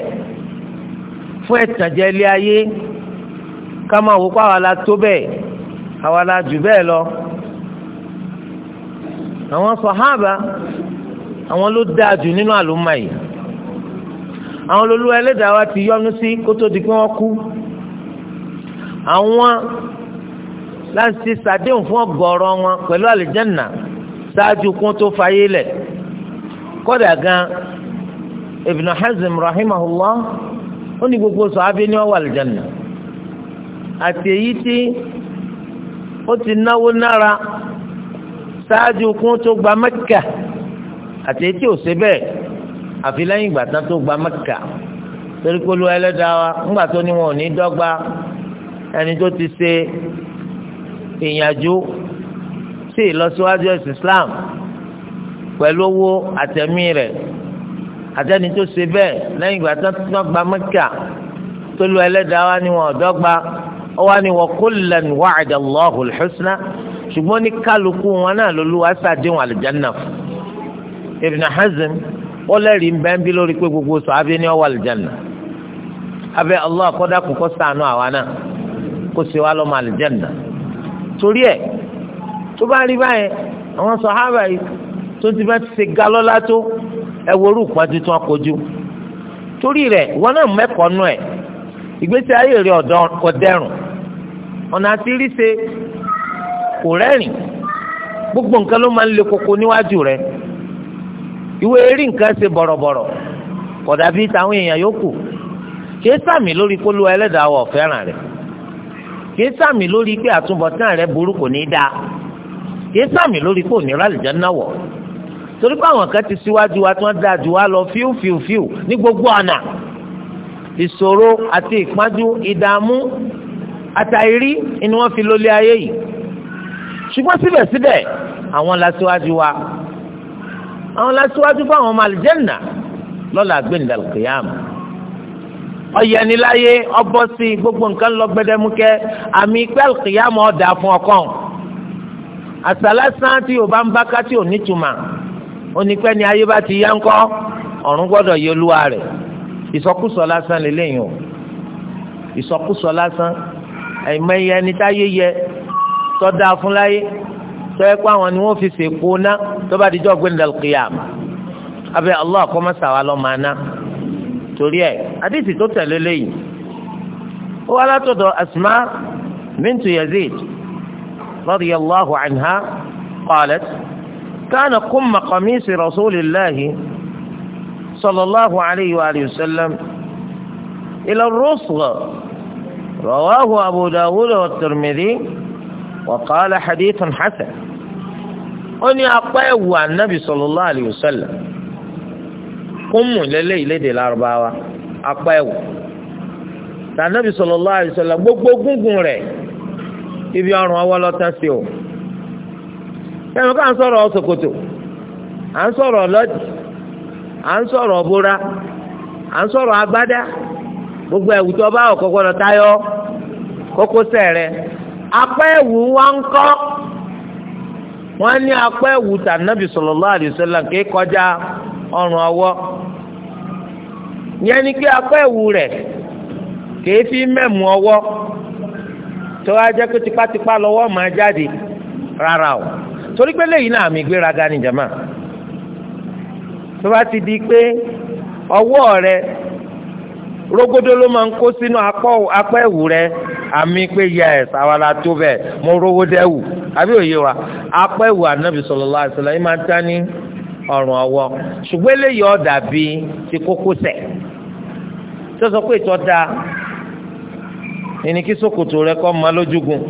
S1: fún ẹ̀tànjẹ ilé ayé ká máa wò pé àwa la tó bẹ́ẹ̀ àwa la jù bẹ́ẹ̀ lọ àwọn sàhábà àwọn ló dáa jù nínú àlùmọ́ yìí àwọn olólùwà ẹlẹ́dàá wa ti yọ́nú sí kó tó di pé wọ́n kú àwọn láti ṣàdéhùn fún ọgọ́rọ̀ wọn pẹ̀lú àlìjẹ́nà ṣáájú kún tó fayé lẹ̀ kódà gan Ibn Hazm rahimahullah ó ní gbogbo sàábé ní ọwọ́ àlìjẹ́nà àti èyí tí ó ti náwó nára ṣáájú kún tó gba Mẹ́kà àti etí ò ṣe bẹ́ẹ̀ àfi lẹ́yìn ìgbà tán tó gba mẹ́kà torí pé olúwa ẹlẹ́dàá wa ńgbà tó ní wọn ò ní dọ́gba ẹni tó ti ṣe ìyànjú sí ìlọsíwájú ẹ̀sìn Islam pẹ̀lú owó àtẹ̀mí rẹ̀ àtẹni tó ṣe bẹ́ẹ̀ lẹ́yìn ìgbà tán tó gba mẹ́kà tó lu ẹlẹ́dàá wa ní wọn ò dọ́gba ó wá ní wọn kullan wa'ada Allahu al-husna ṣùgbọ́n ní kálukú wọn náà lolúwa ṣàdéhùn àlùjánnà fún Ibn Hazm ó lẹ́rìí bẹ́ńbí lórí pé gbogbo sàábé ní ọwọ́ àlùjáná abẹ́ Allah kọ́dá kò kọ́ sànú àwa náà kó ṣe wá lọ́mọ àlùjáná torí ẹ̀ tó bá rí báyẹn àwọn sàhábà yìí tó ti bá ti ṣe galọ́lá tó ẹ worú pọ́njú tó ń kojú torí rẹ̀ wọn náà mẹ́kọ̀ọ́ nú ẹ̀ ìgbésí ayé rẹ̀ ọ̀nà àti ríṣe kò rẹ́rìn gbogbo nǹkan ló máa ń le koko níwájú rẹ̀ ìwé rí nǹkan ṣe bọ̀rọ̀bọ̀rọ̀ kódà bí táwọn èèyàn yòókù kì í sàmì lórí kólú ẹlẹ́dàá wọ̀ fẹ́ràn rẹ̀ kì í sàmì lórí pé àtúbọ̀tán rẹ̀ burú kò ní dáa kì í sàmì lórí pé òní rálìjẹ́ náà wọ̀ torí pé àwọn kan ti síwájú wa tí wọ́n dáa jù wá lọ fíú fíú fíú ní gbogbo ọ̀nà ìṣòro àti ìpájú ìdààmú àtàìrí ni wọ́n fi lólé ayé yìí ṣùgbọ́n síbẹ̀síbẹ̀ àwọn la síwájú wa àwọn lásìwájú fáwọn ọmọ àlìjẹ́nà lọ́la gbẹ̀ndà kìyàmù ọ̀yẹ́niláyé ọbọ̀ sí gbogbo nǹkan lọ gbẹdẹmukẹ́ àmì pé àlìkìyàmù ọ̀dà fún ọkàn àsálásán tí yorùbá ń bá ká tí ò nítumà onípẹ́ ni ayé bá ti yá ńkọ́ ọ̀run gbọ́dọ̀ yẹ olúwa rẹ̀ ìsọkúsọ lásán lélẹ́yìn o ìsọkúsọ lásán ẹ̀mẹ́yẹ ẹni táyé yẹ tọ́da fúnláyé tọ́yẹ pé àwọn ni wọ́n fi sèkó ná tó bá dijọ́ gbẹ̀ndẹ̀l kìyàm abẹ́ Allah kọ́mọ́sàwá lọ́ máa ná torí ẹ̀ àdìsí tó tẹ̀lé lẹ́yìn ó wá látọ̀dọ̀ Asma bintu Yazid radiyallahu anha qalat كان قم قميص رسول الله صلى الله عليه وآله وسلم إلى الرسغ رواه أبو داود والترمذي وقال حديث حسن ó ní apá ẹ̀wù ànábì sallallahu alayhi wa sallam kúmù lélẹ̀ ìlédè lárúbáwá apá ẹ̀wù sallallahu gbogbo gungun rẹ̀ ibi ọrùn ọwọ́ lọ́tàn sí o ẹnu ká ń sọ̀rọ̀ ṣòkòtò à ń sọ̀rọ̀ lọ́dì à ń sọ̀rọ̀ gbogbo ẹ̀wù tó bá ọ̀kọ́kọ́ lọ táyọ̀ apá ẹ̀wù wa ń kọ́ wọ́n ní apá ẹ̀wù tànàbì sallallahu alaihi wasallam kì í kọjá ọrùn ọwọ́ yẹn ni pé apá ẹ̀wù rẹ̀ kì fi mẹ́mú ọwọ́ tó wá jẹ́ pé tipátipá lọ́wọ́ máa jáde rárá o torí pé lẹ́yìn náà àmì gbéraga ni jàmá tó bá ti di pé ọwọ́ rẹ̀ rogodo ló máa ń kó sínú apá ẹwù rẹ àmì pé yes àwa la tó mo rówó àbí òye wa apá ẹ̀wù ànábì sallallahu alaihi wasallam yìí máa ń ní ọrùn ọwọ́ ṣùgbọ́n eléyìí ọ̀dà bí ti kókósẹ̀ tó sọ pé ìtọ́ da rẹ kọ́ máa lójúgun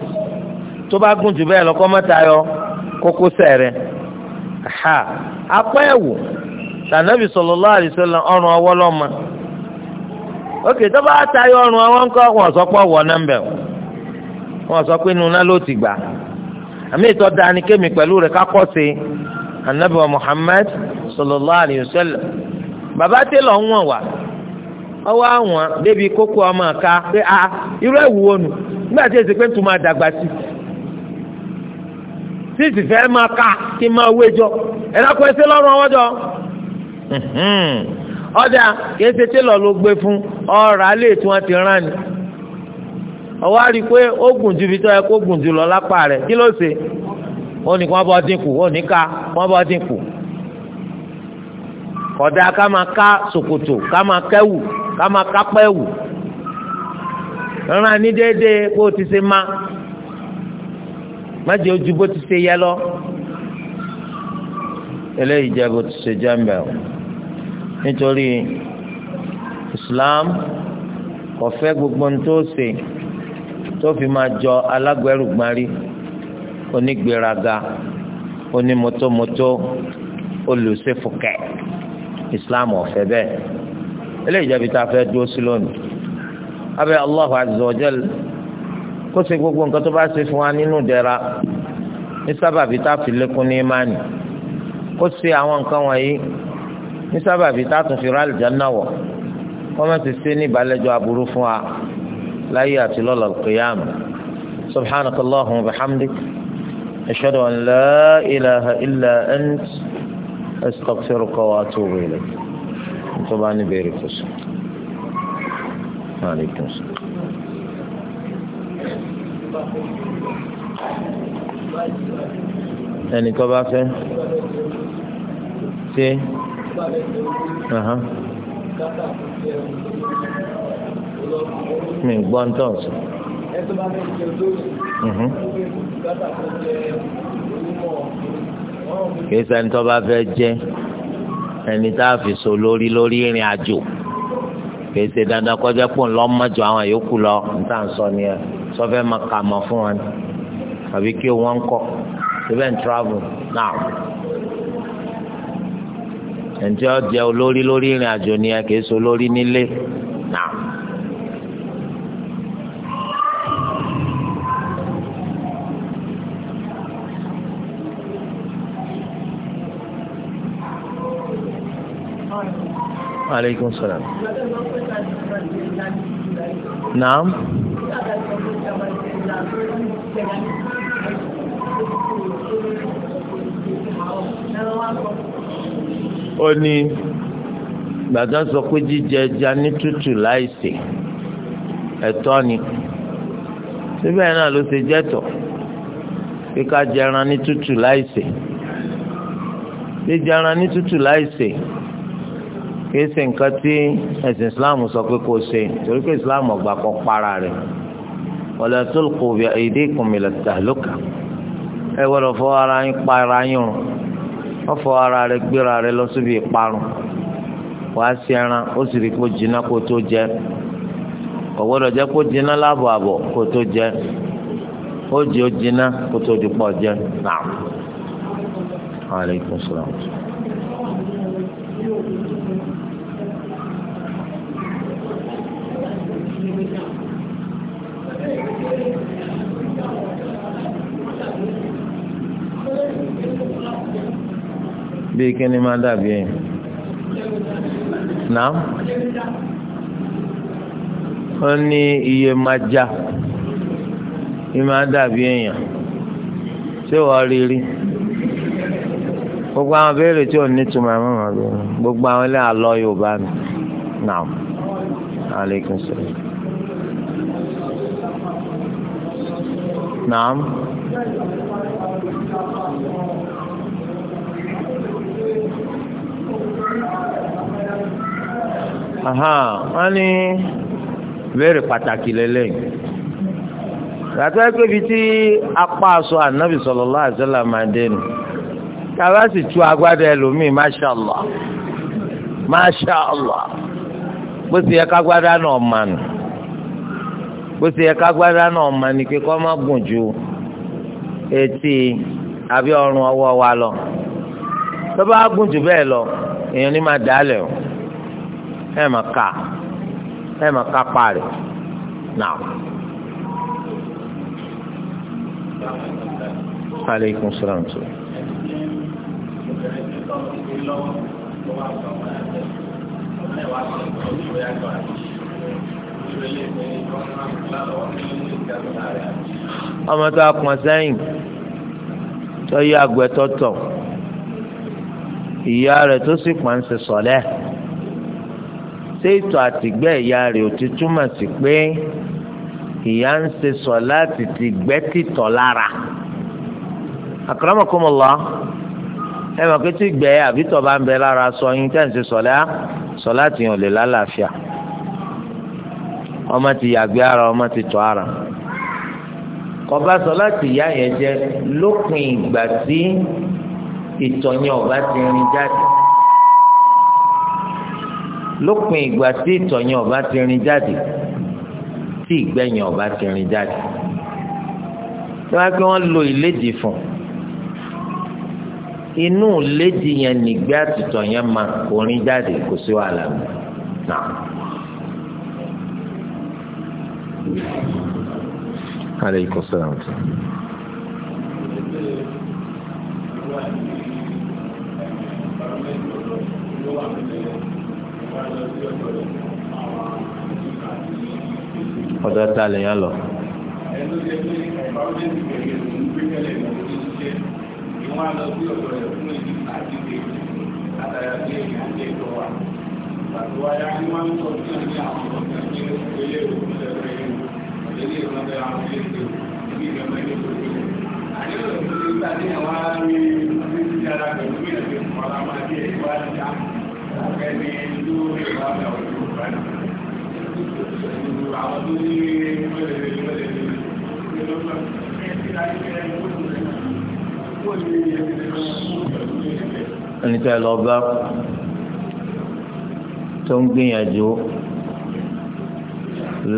S1: tó bá gùn jù bẹ́ẹ̀ yọ òkè tó bá tayọ ọrùn àwọn ńkọ wọn sọ pé ọwọ náà ń bẹ wọn sọ pé inú náà ló ti gbà àmì ìtọ́ da ni kémi pẹ̀lú rẹ̀ kákọ́ sí anabi muhammed wa ọwọ́ àwọn débi kókó ọmọ ká a ah, irú ẹ̀wù wo nu nígbà tí èsì pé tó máa dàgbà sí tí sì fẹ́ máa ká kí n máa wéjọ ẹ̀rọ kọ́ ẹsẹ̀ ọjà kìí ṣe télọ̀ ló gbé fún ọ̀rọ̀ alẹ́ tí wọ́n ti rán ni ọwọ́ àrí pé ó gùn ju kó gùn lọ lápá rẹ̀ kí ló ṣe ó ní kí wọ́n bọ́ dínkù ó ní ká dínkù ká máa ká ká máa ká máa rán déédéé bó ti ṣe má má ojú bó ti ṣe yẹ lọ nítorí Islam kò fẹ́ gbogbo ní tó ṣe tó fi máa jọ alágbẹ̀rùgbárí onígbéraga onímọ́tómọ́tó olùṣèfòkè Islam ò fẹ́ bẹ́ẹ̀ eléyìí jẹ́bi tá a fẹ́ dúró sí lónìí abẹ́ Allahu azza wa jal kó ṣe gbogbo nǹkan tó bá ṣe fún wa nínú dẹ̀ra ní sábàbí tá a fi lékún ní imáni kó ṣe àwọn nǹkan wọ̀nyí ní sábàbí táàtún fi rà àlùjáná wọ̀ wọ́n má ti ṣe ní ìbálẹ́jọ́ aburú fún wa láyé àti lọ́la kìyàmù subhanaka allahumma wa bihamdik ashhadu an la ilaha illa ant astaghfiruka wa atubu ilayk nítorí bá ní bèrè kò sí. Aleykum salaam.
S2: ẹnì kan bá fẹ́
S1: ṣe mi gbọ́ ń tọ̀ sọ. Mhm. kìí sẹ́ni tó bá fẹ́ jẹ́ ẹni tá a fi so lórí lórí ìrìn àjò kìí ṣe dandan kọjá pò ń lọ́mọ́jọ àwọn yòókù lọ níta ń sọ ni ẹ sọfẹ́ máa kà mọ́ fún wọn àbí kí wọ́n ń kọ́ ṣe bẹ́ẹ̀ ń travel now ẹnjẹ ọjẹ olórí lórí ìrìn àjò ni a kìí so lórí nílé náà. aleykum salaam.
S2: naam. Thank you
S1: ó ní gbàgbọ́n sọ pé jíjẹ ẹja ní tútù láìsè ẹ̀tọ́ ni síbẹ̀ náà ló ṣe jẹ́tọ̀ pé ká jẹran ní tútù láìsè jíjẹran ní tútù láìsè kìí ṣe nǹkan tí ẹ̀sìn Islam sọ pé kò ṣe torí pé Islam ọgbà kan para rẹ̀ wala tulqu bi aydikum ila tahluka ẹ wọ́n fọ́ ara yín pa ara yín rùn. ọ̀fọ̀ ara rẹ gbéra rẹ lọ síbi ìparun wàá sí ẹran ó sì rí kó jiná kó tó jẹ kò gbọ́dọ̀ jẹ́ kó jiná láàbọ̀ àbọ̀ kó tó jẹ ó jẹ́ ó jiná kó tó di pọ̀ jẹ náà. bíi kí ni máa dàbí ẹ̀yìn nàám ó ní iye máa já iye máa dàbí ẹ̀yìn ṣé wàá rí rí gbogbo àwọn béèrè tí ò ní túmọ̀ ẹ̀ mọ̀mọ́ béèrè gbogbo àwọn ilé àlọ́ Yorùbá ni nàám aleykum salaam nàám. wọ́n ní ìbéèrè pàtàkì lélẹ́yìn gbàtọ́ ẹ pé ibi tí apá aṣọ ànábì sallallahu alaihi wasallam máa dé nù tàbá sì tú agbádá ẹlòmíì máṣáàlá máṣáàlá bó ti yẹ kágbádá náà mà nù bó ti yẹ kágbádá náà mà ní kíkọ́ má gùn ju etí àbí ọrùn ọwọ́ wa lọ tó bá gùn jù bẹ́ẹ̀ lọ èèyàn ní máa dàálẹ̀ o ẹ mà ká ẹ mà ká parí náà. aleykum salaam tó.
S2: ọmọ tó a kàn sẹ́yìn
S1: tó yí àgbẹ̀ tọ̀tọ̀. ìyá rẹ̀ tó sì pa ń ṣe sọ̀lẹ́ ṣé ìtọ̀ àtìgbẹ́ ìyá rẹ̀ ò ti túmọ̀ sí pé ìyá ń ṣe sọ láti ti gbẹ́ títọ̀ lára akramakumullah ẹ mọ̀ pé tí gbẹ́ àbítọ̀ bá ń bẹ lára sọ yín tẹ́ ń ṣe sọ̀lẹ́ sọ̀lá ti yàn lè lálàáfíà ọmọ ti yàgbé ara ọmọ ti tọ̀ ara kọba sọ láti ìyá yẹn jẹ lópin ìgbà tí. Si, ìtọ̀ yẹn ò ti rin jáde lópin ìgbà tí ìtọ̀ yẹn ò ti rin jáde tí ìgbẹ́ yẹn ti rin jáde tí wọ́n á pé wọ́n lo ìlédìí fún inú ìlédìí yẹn nìgbẹ́ àtìtọ̀ yẹn máa kò rin jáde kò sí wàhálà mi náà.
S2: Aleykum salaam.
S1: ọ̀dọ̀ ta lè yàn lọ.
S2: Thank you ẹni tó ìwà àwọn olùkọ́ ẹ̀ àwọn tó ní mẹ́lẹ̀lẹ́ mẹ́lẹ̀lẹ́
S1: ẹni tó ẹ lọ bá tó ń gbìyànjú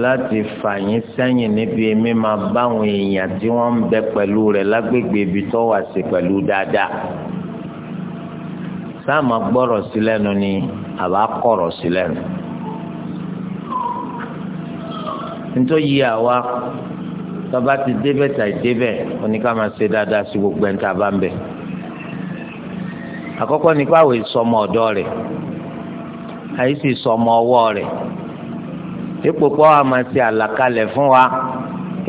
S1: láti fàyín sẹ́yìn níbi èmi máa báwọn èèyàn tí wọ́n ń bẹ pẹ̀lú rẹ̀ lágbègbè ibi tó wà sí pẹ̀lú dáadáa. sáàmà gbọ́rọ̀ sí lẹ́nu ni àbá kọ̀rọ̀ sí lẹ́nu. nítorí àwa tọ́ba ti débẹ̀ tàì débẹ̀ oníkà máa ṣe dáadáa sí gbogbo ẹni tá a bá ń bẹ̀. àkọ́kọ́ ni pàwé sọmọ ọ̀dọ́ rẹ̀ àyè sì sọmọ ọwọ́ rẹ̀ ipò pọ́ wa máa ṣe àlàkalẹ̀ fún wa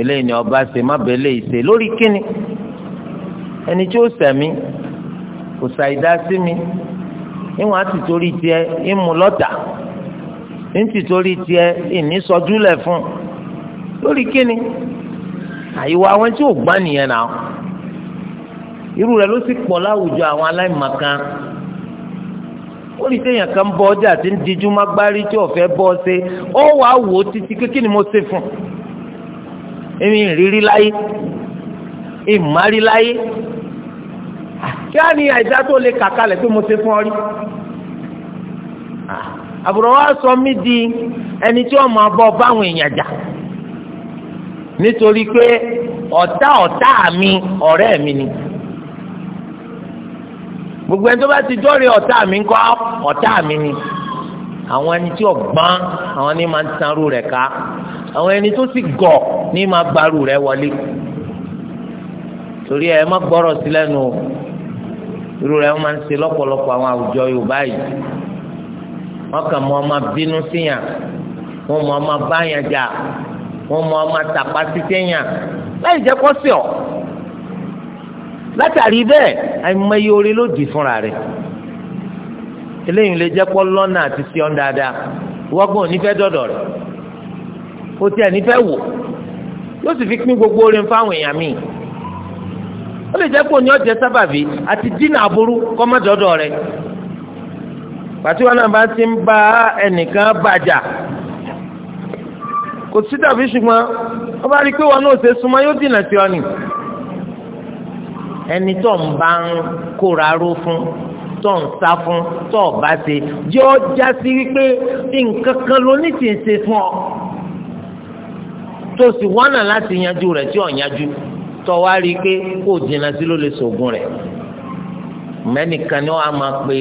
S1: eléyìí ni ọba ṣe má bẹ́ẹ̀ lè ṣe lórí kíni ẹni tí ó sẹ̀mí kò ṣàìdá sí mi ìwọ̀n á ti torí tiẹ̀ ìmú lọ́tà ń ti torí tiẹ̀ ìní sọdúlẹ̀ fún lórí kíni àyíwá àwọn tí ò gbá nìyẹn náà irú rẹ̀ ló sì pọ̀ láwùjọ àwọn aláìmọ̀kan ó lè téèyàn kan bọ ọjà àti ń dijú má gbárí tí ọ̀fẹ́ bọ́ ṣe ó wà á wò ó títí kékeré ni mo ṣe fún èmi ìrírí láyé ìmárí láyé kí á ní àìsá tó lè kàkalẹ̀ pé mo ṣe fún ọ rí àbúrò wa sọ mí di ẹni tí wọn máa báwọn èèyàn jà nítorí pé ọ̀tá ọ̀tá mi ọ̀rẹ́ mi ni gbogbo ẹni tó bá ti dọ́rẹ̀ ọ̀tá mi ńkọ́ ọ̀tá mi ni àwọn ẹni tí ọ̀gbọ́n àwọn ni máa ń tanrú rẹ̀ ká àwọn ẹni tó sì gọ̀ ni máa gbarú rẹ̀ wọlé torí ẹ má gbọ́rọ̀ sí lẹ́nu o irú rẹ̀ wọ́n máa ń ṣe lọ́pọ̀lọpọ̀ àwọn àwùjọ yorùbá yìí wọ́n kàn mọ ọmọ bínú síyàn wọ́n mọ ọmọ báyàn jà wọ́n mọ ọmọ tàpá sítéyàn láì jẹ́ kó sí ọ látàrí bẹ́ẹ̀ àìmọye orí ló dì fúnra rẹ̀ eléyìí lè jẹ́ pọ́ lọ́nà àti sí ọ́n dáadáa wọ́gbọ́n onífẹ́ dọ̀dọ̀ rẹ̀ kò tiẹ̀ nífẹ̀ẹ́ wò yóò sì fi pín gbogbo orin fáwọn èèyàn míì ó lè jẹ́ pé òní ọ̀jẹ̀ sábàbí àti dínà aburú kọ́mọ́dọ́dọ̀ rẹ̀ pàtí wọn náà bá ti ń bá ẹnìkan bàjà kò sí dàbí ṣùgbọ́n wọ́n bá rí i pé wọn náà ṣe súnmọ́ yóò dínà sí ọ nì ẹni tó ń bá ń kóra ró fún tó ń sá fún tó ò bá ṣe yọ já sí wípé nǹkan kan ló ní tì í ṣe fún ọ tó sì wọ́nà láti yanjú rẹ̀ tí ò yanjú. tọ́wá rí i pé kò jìnnà sí ló lè sògùn rẹ̀ mẹ́nìkan ni wọ́n á máa pe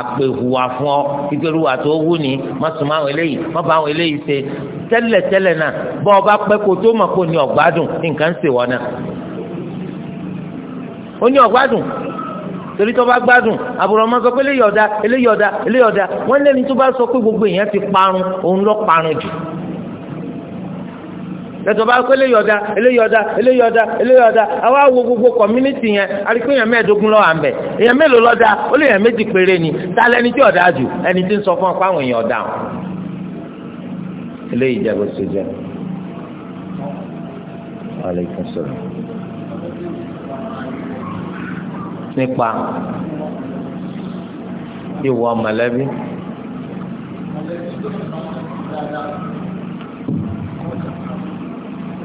S1: àpèhùwà fún ọ ìgbéruwà tó wù ní mọ́sùnmọ́ àwọn eléyìí mọ́bà àwọn eléyìí ṣe tẹ́lẹ̀tẹ́lẹ̀ náà bọ́ ọ bá pẹ́ kó tó mọ̀ kó ní ọ̀gbádùn nǹkan ń ṣèwọ́ náà ó ní ọ̀gbádùn torí tó bá gbádùn àbúrò ọmọ sọ pé eléyìí ọ̀dà eléyìí ọ̀dà eléyìí ọ̀dà wọ́n lẹ́ni tó bá sọ pé gbogbo èèyàn ti parun òun lọ parun jù lẹ́tọ̀ bá kọ́ eléyìí ọ̀dà eléyìí ọ̀dà eléyìí ọ̀dà àwa wo gbogbo community yẹn arikó èèyàn mẹ́ẹ̀ẹ́dógún lọ́wọ́ àmbẹ̀ èèyàn mélòó lọ́dà ó lè yàn méjì ni tálẹ́ ẹni tí ọ̀dà jù ẹni tí ń sọ fún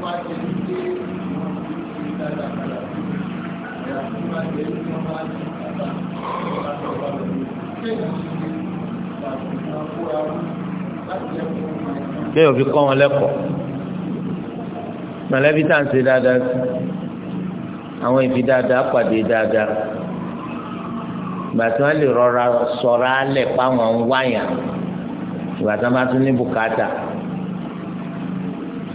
S2: wá jẹ ní pé wọ́n ti fi dáadáa padà sí ìyá tí wọ́n jẹ ní wọ́n bá ní bàbá láti ọ̀bá lọ́wọ́ kéèyàn ti fi bàbá ìgbà
S1: bẹ́ẹ̀ òfin kọ́ wọn lẹ́kọ̀ọ́ mọ̀lẹ́bí tá à ń ṣe dáadáa sí àwọn ìfi dáadáa pàdé dáadáa gbàtí wọn lè rọra sọ̀rọ̀ alẹ pa wọn wáyà gbàtí wọn bá tún ní bùkátà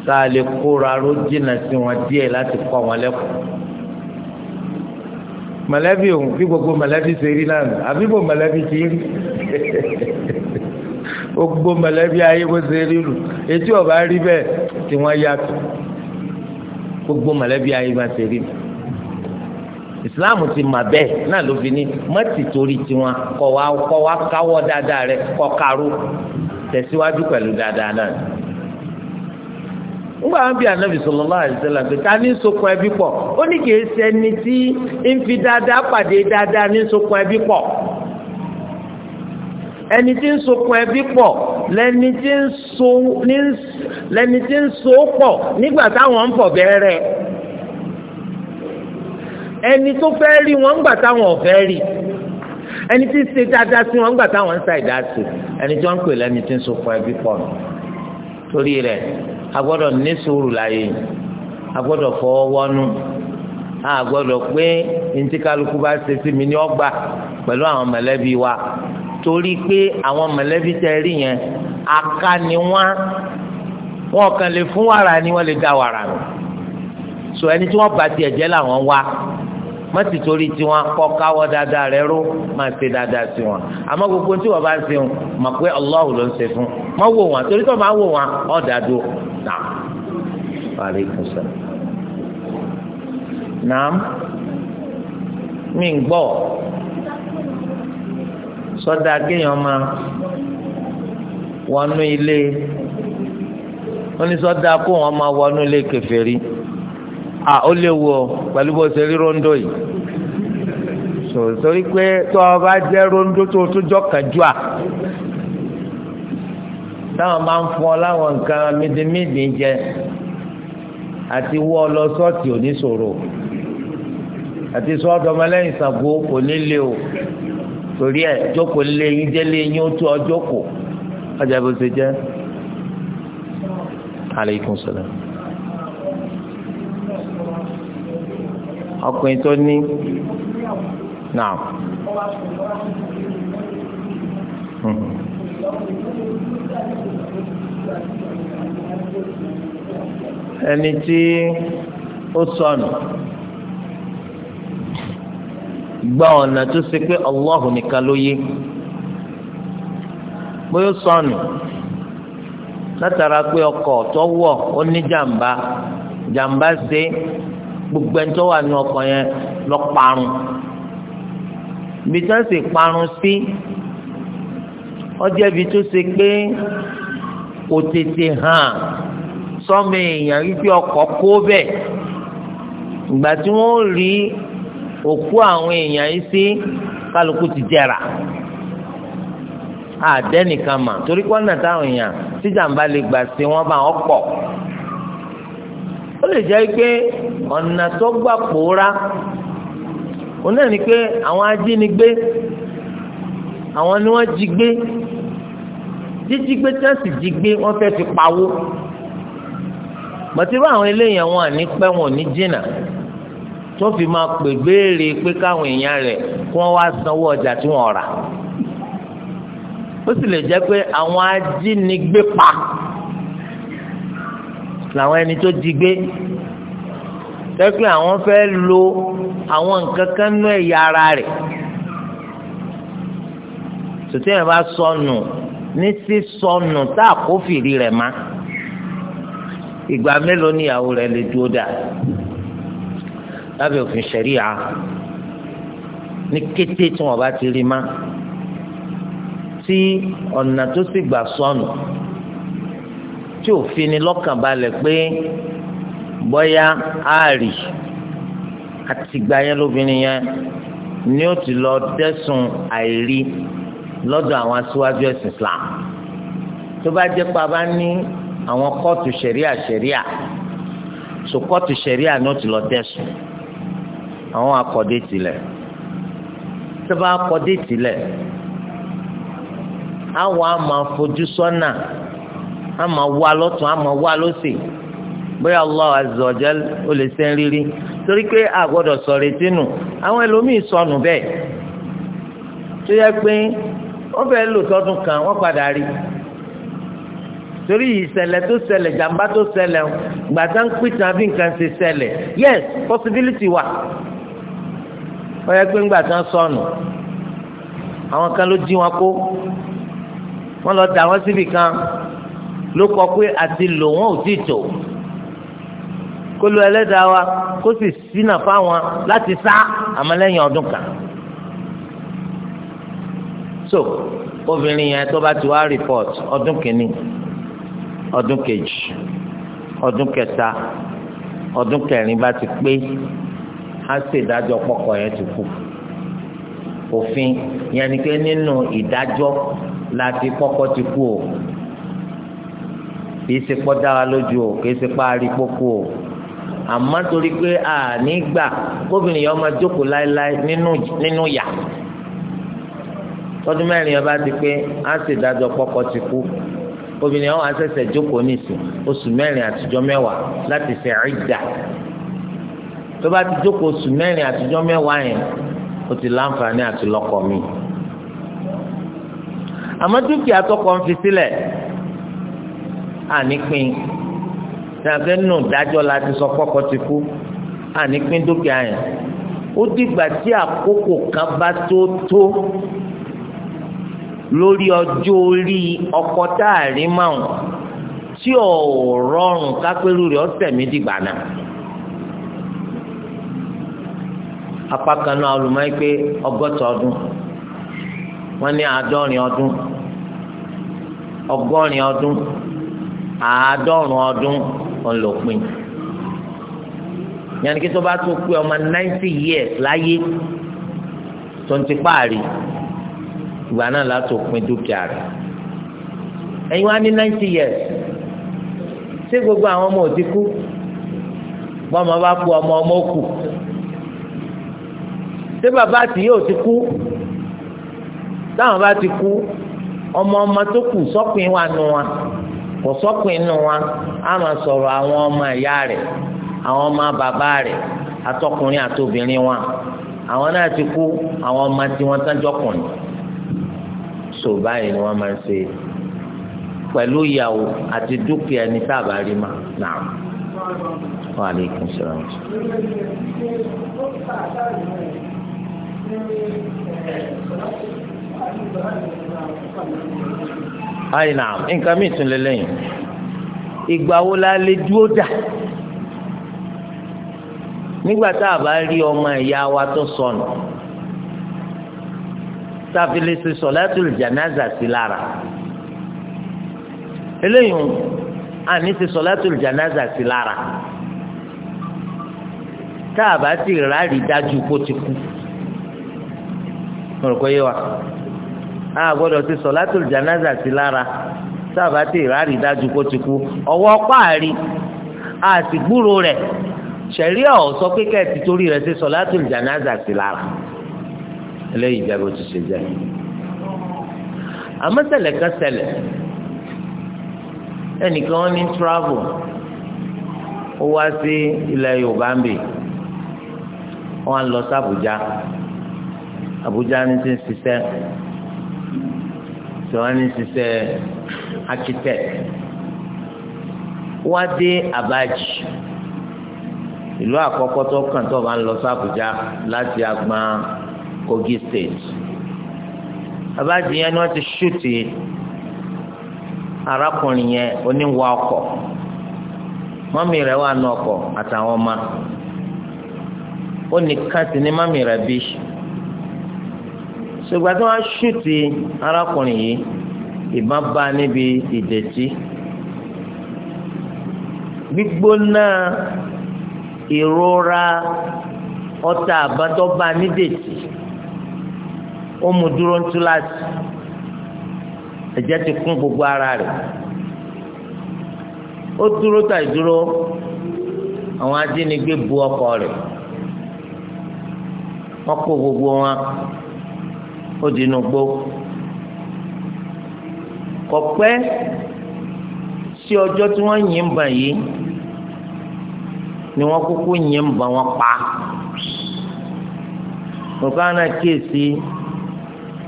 S1: tá a lè kóra ró jìnnà sí wọn díẹ̀ láti kọ́ wọn lẹ́kọ̀ọ́ mọ̀lẹ́bí òun bí gbogbo mọ̀lẹ́bí ṣe rí náà nù àbí gbogbo mọ̀lẹ́bí ṣe rí [LAUGHS] gbogbo mọ̀lẹ́bí ayé bó ṣe rí nù etí ọba rí bẹ́ẹ̀ tí wọ́n yàtọ̀ gbogbo mọ̀lẹ́bí ayé bá ṣe rí nù islam ti mà bẹ́ẹ̀ náà ló fi ní mọ́tì torí tiwọn kọ́ wa kọ́ wa káwọ́ dáadáa rẹ kọ́ karú tẹ̀síwájú pẹ̀lú dáadáa náà ngba wọn bí anabi sallallahu alaihi wasallam pé ká ní sokun ẹbí pọ̀ ó ní kì í ṣẹni tí ń fi dáadáa pàdé dáadáa ní sokun ẹbí pọ̀ ẹni tí ń sokun ẹbí pọ̀ lẹni tí ń so ní lẹni tí ń so pọ̀ nígbà táwọn ń pọ̀ bẹ̀rẹ̀ ẹni tó fẹ́ rí wọn ńgbà táwọn ò rí ẹni tí ń ṣe dáadáa sí wọn ńgbà táwọn ń sa ẹni tí wọn ń pè lẹni tí ń sokun ẹbí pọ̀ torí rẹ̀ a gbọ́dọ̀ ní sùúrù láàyè a gbọ́dọ̀ fọwọ́ wọ́nú a gbọ́dọ̀ pé ntí kálukú bá ṣe sí mi ní ọgbà pẹ̀lú àwọn mọ̀lẹ́bí wa torí pé àwọn mọ̀lẹ́bí tẹ rí yẹn aká ni wọ́n wọ́n kàn lè fún wàrà ni wọ́n lè dá wàrà nù so ẹni tí wọ́n bá tiẹ̀ jẹ́ làwọn wá má ti torí tiwọn kọ́ káwọ́ dáadáa rẹ ró máa ṣe dáadáa sí wọn àmọ́ gbogbo tí wọ́n bá ń ṣe wọn mọ̀ pé Allahu ló ń ṣe fún má wò wọn torí tó máa wò wọn ọ̀ dàdó naam aleykum salaam naam mi ń gbọ́ sọ́dà kéèyàn máa wọnú ilé onísọ́dà kó wọn máa wọnú ilé kèfèrí. So a ah, ó léwu o pẹ̀lú bó ṣe rí rondo yìí sòrí pé tó o bá jẹ́ rondo tó o tún jọ kàjú à táwọn máa ń fún ọ láwọn nǹkan mídìmídì jẹ àti wọ́ ọ lọ sọ́ọ̀tì oníṣòro àti sọ́ọ̀dọ̀ ọmọlẹ́yìn Ṣàngó kò o torí ẹ̀ jókòó lé yín délé yín ó ọ jókòó ọjà bó ṣe jẹ́. salaam.
S2: ọkùnrin tó ní náà. Hmm.
S1: ẹni tí ó sọnù gba ọ̀nà tó ṣe pé Allahu nìkan ló yé bóyá sọnù látara pé ọkọ̀ tó wọ̀ ó ní jàǹbá jàǹbá ṣe gbogbo ẹni tó wà ní ọkàn yẹn lọ parun ibi tí wọ́n sì parun sí ọjọ́ ibi tó ṣe pé kò tètè hàn sọ́mi èèyàn wípé ọkọ̀ kó bẹ́ẹ̀ ìgbà tí wọ́n rí òkú àwọn èèyàn yìí sí kálukú ti jẹrà àdẹ́nìkan mà torí pọ́nà táwọn èèyàn tíjàmbá lè gbà sí wọ́n bá wọn ó lè jẹ́ pé ọ̀nà tó gbà pòórá òun náà ni pé àwọn ajínigbé àwọn ni wọ́n jí gbé jíjí gbé tí wọ́n sì jí gbé wọ́n fẹ́ fi pawó mọ̀tírú àwọn eléyìí àwọn àní pẹ́ wọn ò ní jìnnà tó fi máa pè béèrè pé káwọn èèyàn rẹ̀ kí wọ́n wá sanwó ọjà tí wọ́n rà ó sì lè jẹ́ pé àwọn ajínigbé pa làwọn ẹni tó jí gbé tẹ́pẹ́ àwọn fẹ́ lo àwọn nǹkan kan nú ẹ̀yà ara rẹ̀ tòtí yẹn bá sọnù ní sísọnù tá a kó fìrí rẹ̀ má ìgbà mélòó níyàwó rẹ̀ lè dúró dà lábẹ́ òfin ṣẹ̀ríà ní kété tí wọ́n bá ti rí má tí ọ̀nà tó sì gbà sọnù. So tí ò fi ni lọ́kàn balẹ̀ pé bọ́yá àárì àtìgbà yẹn lóbìnrin yẹn ni ó ti lọ dẹ́sùn àìrí lọ́dọ̀ àwọn aṣíwájú ẹ̀sìn Islam tó bá jẹ́ pa bá ní àwọn kóòtù ṣẹ̀ríà ṣẹ̀ríà so kóòtù ṣẹ̀ríà ni ó ti lọ dẹ́sùn àwọn akọ̀dé tilẹ̀ tó bá akọ̀dé tilẹ̀ àwọn a máa fojú a máa wá lọ́tún a máa wá bóyá Allah azza wa jal ó lè sẹ́ rírí torí pé a gbọ́dọ̀ sọ retí nù àwọn ẹlòmíì sọnù bẹ́ẹ̀ tó yẹ pé wọ́n fẹ́ lò tọdún kan wọ́n padà rí torí ìṣẹ̀lẹ̀ tó ṣẹlẹ̀ jàmbá tó ṣẹlẹ̀ gbàtà ń pìtàn bí nǹkan ṣe ṣẹlẹ̀ yes possibility wà wọ́n yẹ pé ńgbà tán sọnù àwọn kan ló jí wọn kó wọ́n lọ dà wọ́n síbì kan ló kọ pé àti lò wọn ò tíì tó kólú ẹlẹ́dàá wa kó sì ṣínà fáwọn láti sá àmọ́ ọdún kan so obìnrin yẹn tó bá ti wá report ọdún kìíní ọdún kejì ọdún kẹta ọdún kẹrin bá ti pé á ṣèdájọ́ pọkọ yẹn ti kú òfin yẹn ni pé nínú ìdájọ́ láti pọkọ ti kú o kìí ṣe pọ́ dá wa lójú o kìí ṣe parí kókó o àmọ́ torí pé a nígbà gómìnà yẹn máa jókòó láéláé nínú nínú yà tọdún mẹ́rin yẹn bá ti pé á sì dájọ́ pọ́kọ ti kú obìnrin yẹn wà á ṣẹ̀ṣẹ̀ jókòó nísìn oṣù mẹ́rin àtijọ́ mẹ́wàá láti ṣe ìdà tó bá ti jókòó oṣù mẹ́rin àtijọ́ mẹ́wàá yẹn ó ti láǹfààní àti lọ́kọ mi àmọ́ dúkìá tọkọ ń fi sílẹ̀ ànípin ìrìnàfẹ́ nù dájọ́ la ti sọ kọ́kọ́ ti kú ànípin dúkìá yẹn ó dìgbà tí àkókò kan bá tó tó lórí ọjọ́ orí ọkọ tá a rí máa tí ò rọrùn kápẹ́rù rẹ̀ ọ̀sẹ̀ mi dìgbà náà. apá kan náà olùmọ̀ yìí pé ọgọ́ta ọdún wọ́n ní àádọ́rin ọdún ọgọ́rin ọdún àádọ́rùn ọdún ọlọ́pìn yẹn kí tó bá tó pé ọmọ ninety years láyé tó ń ti páàrí ìgbà náà láti òpin dúkìá rẹ̀ ẹ̀yin wá ní ninety years ṣé gbogbo àwọn ọmọ ò ti kú bọ́mọ bá kú ọmọ ọmọ kù ṣé bàbá àti yóò ti kú táwọn bá ti kú ọmọ ọmọ tó kù sọ́pin wà nù wọn kò sọ́kùn inú wa á máa sọ̀rọ̀ àwọn ọmọ ìyá rẹ̀ àwọn ọmọ bàbá rẹ̀ àtọkùnrin àtobìnrin wa àwọn náà ti kú àwọn ọmọ tí wọ́n tánjọ́ kùn so báyìí ni wọ́n máa ń ṣe pẹ̀lú ìyàwó àti dúkìá ẹni tá a bá rí ma náà wa aleykum salaam.
S2: Thank you ayi
S1: na nǹkan mi tún lé lẹ́yìn ìgbà wo la lè dúró dà nígbà tá a bá rí ọmọ ìyá wa tó sọnù tá a fi lè ṣe sọ̀látùl jànáza sí lára eléyìí àní ṣe sọ̀látùl jànáza sí lára tá a bá ti rárí dájú kó ti kú mo rò pé yé wa a gbọ́dọ̀ ti sọ̀látù janaza sí lára sábà tí ìrárí dájú kó ti kú ọwọ́ páàrí àtìgbúrò rẹ̀ ṣẹ̀ríà ò sọ pé kẹ́ẹ̀tì torí rẹ̀ ti sọ̀látù janaza sí lára eléyìí jẹ́ bó ti ṣe jẹ́ àmọ́sẹ̀lẹ̀ kan ṣẹlẹ̀ ẹnìkan ní travel ó wá sí ilẹ̀ Yorùbá ń bì wọ́n lọ sí Àbújá Àbújá ní ti ń ṣiṣẹ́ tí wọ́n ní architect wá dé abaji ìlú àkọ́kọ́ tó kàn tó máa ń lọ sí Àbújá láti agbọn Kogi state abaji yẹn ni wọ́n ti ṣùtì arákùnrin yẹn oníwà ọkọ̀ mọ́mì rẹ̀ wà nù ọkọ̀ àtàwọn ọmọ ó nìkan sí ni mọ́mì rẹ̀ bí ṣùgbọ́n tí wọ́n ṣùtì arákùnrin yìí ìbọn bá níbi ìdẹ̀tí gbígbóná ìrora ọta àbátọ́ba nídẹ̀tí ó mú dúró ń tú láti ẹ̀jẹ̀ ti kún gbogbo ara rẹ̀ ó dúró tà ìdúró àwọn ajínigbé bu ọkọ rẹ̀ wọ́n kó gbogbo wọn ó di inú gbó kọ̀pẹ́ sí ọjọ́ tí wọ́n yìn bàn yìí ni wọ́n kúkú yìn bàn wọn pa nǹkan náà kíyèsí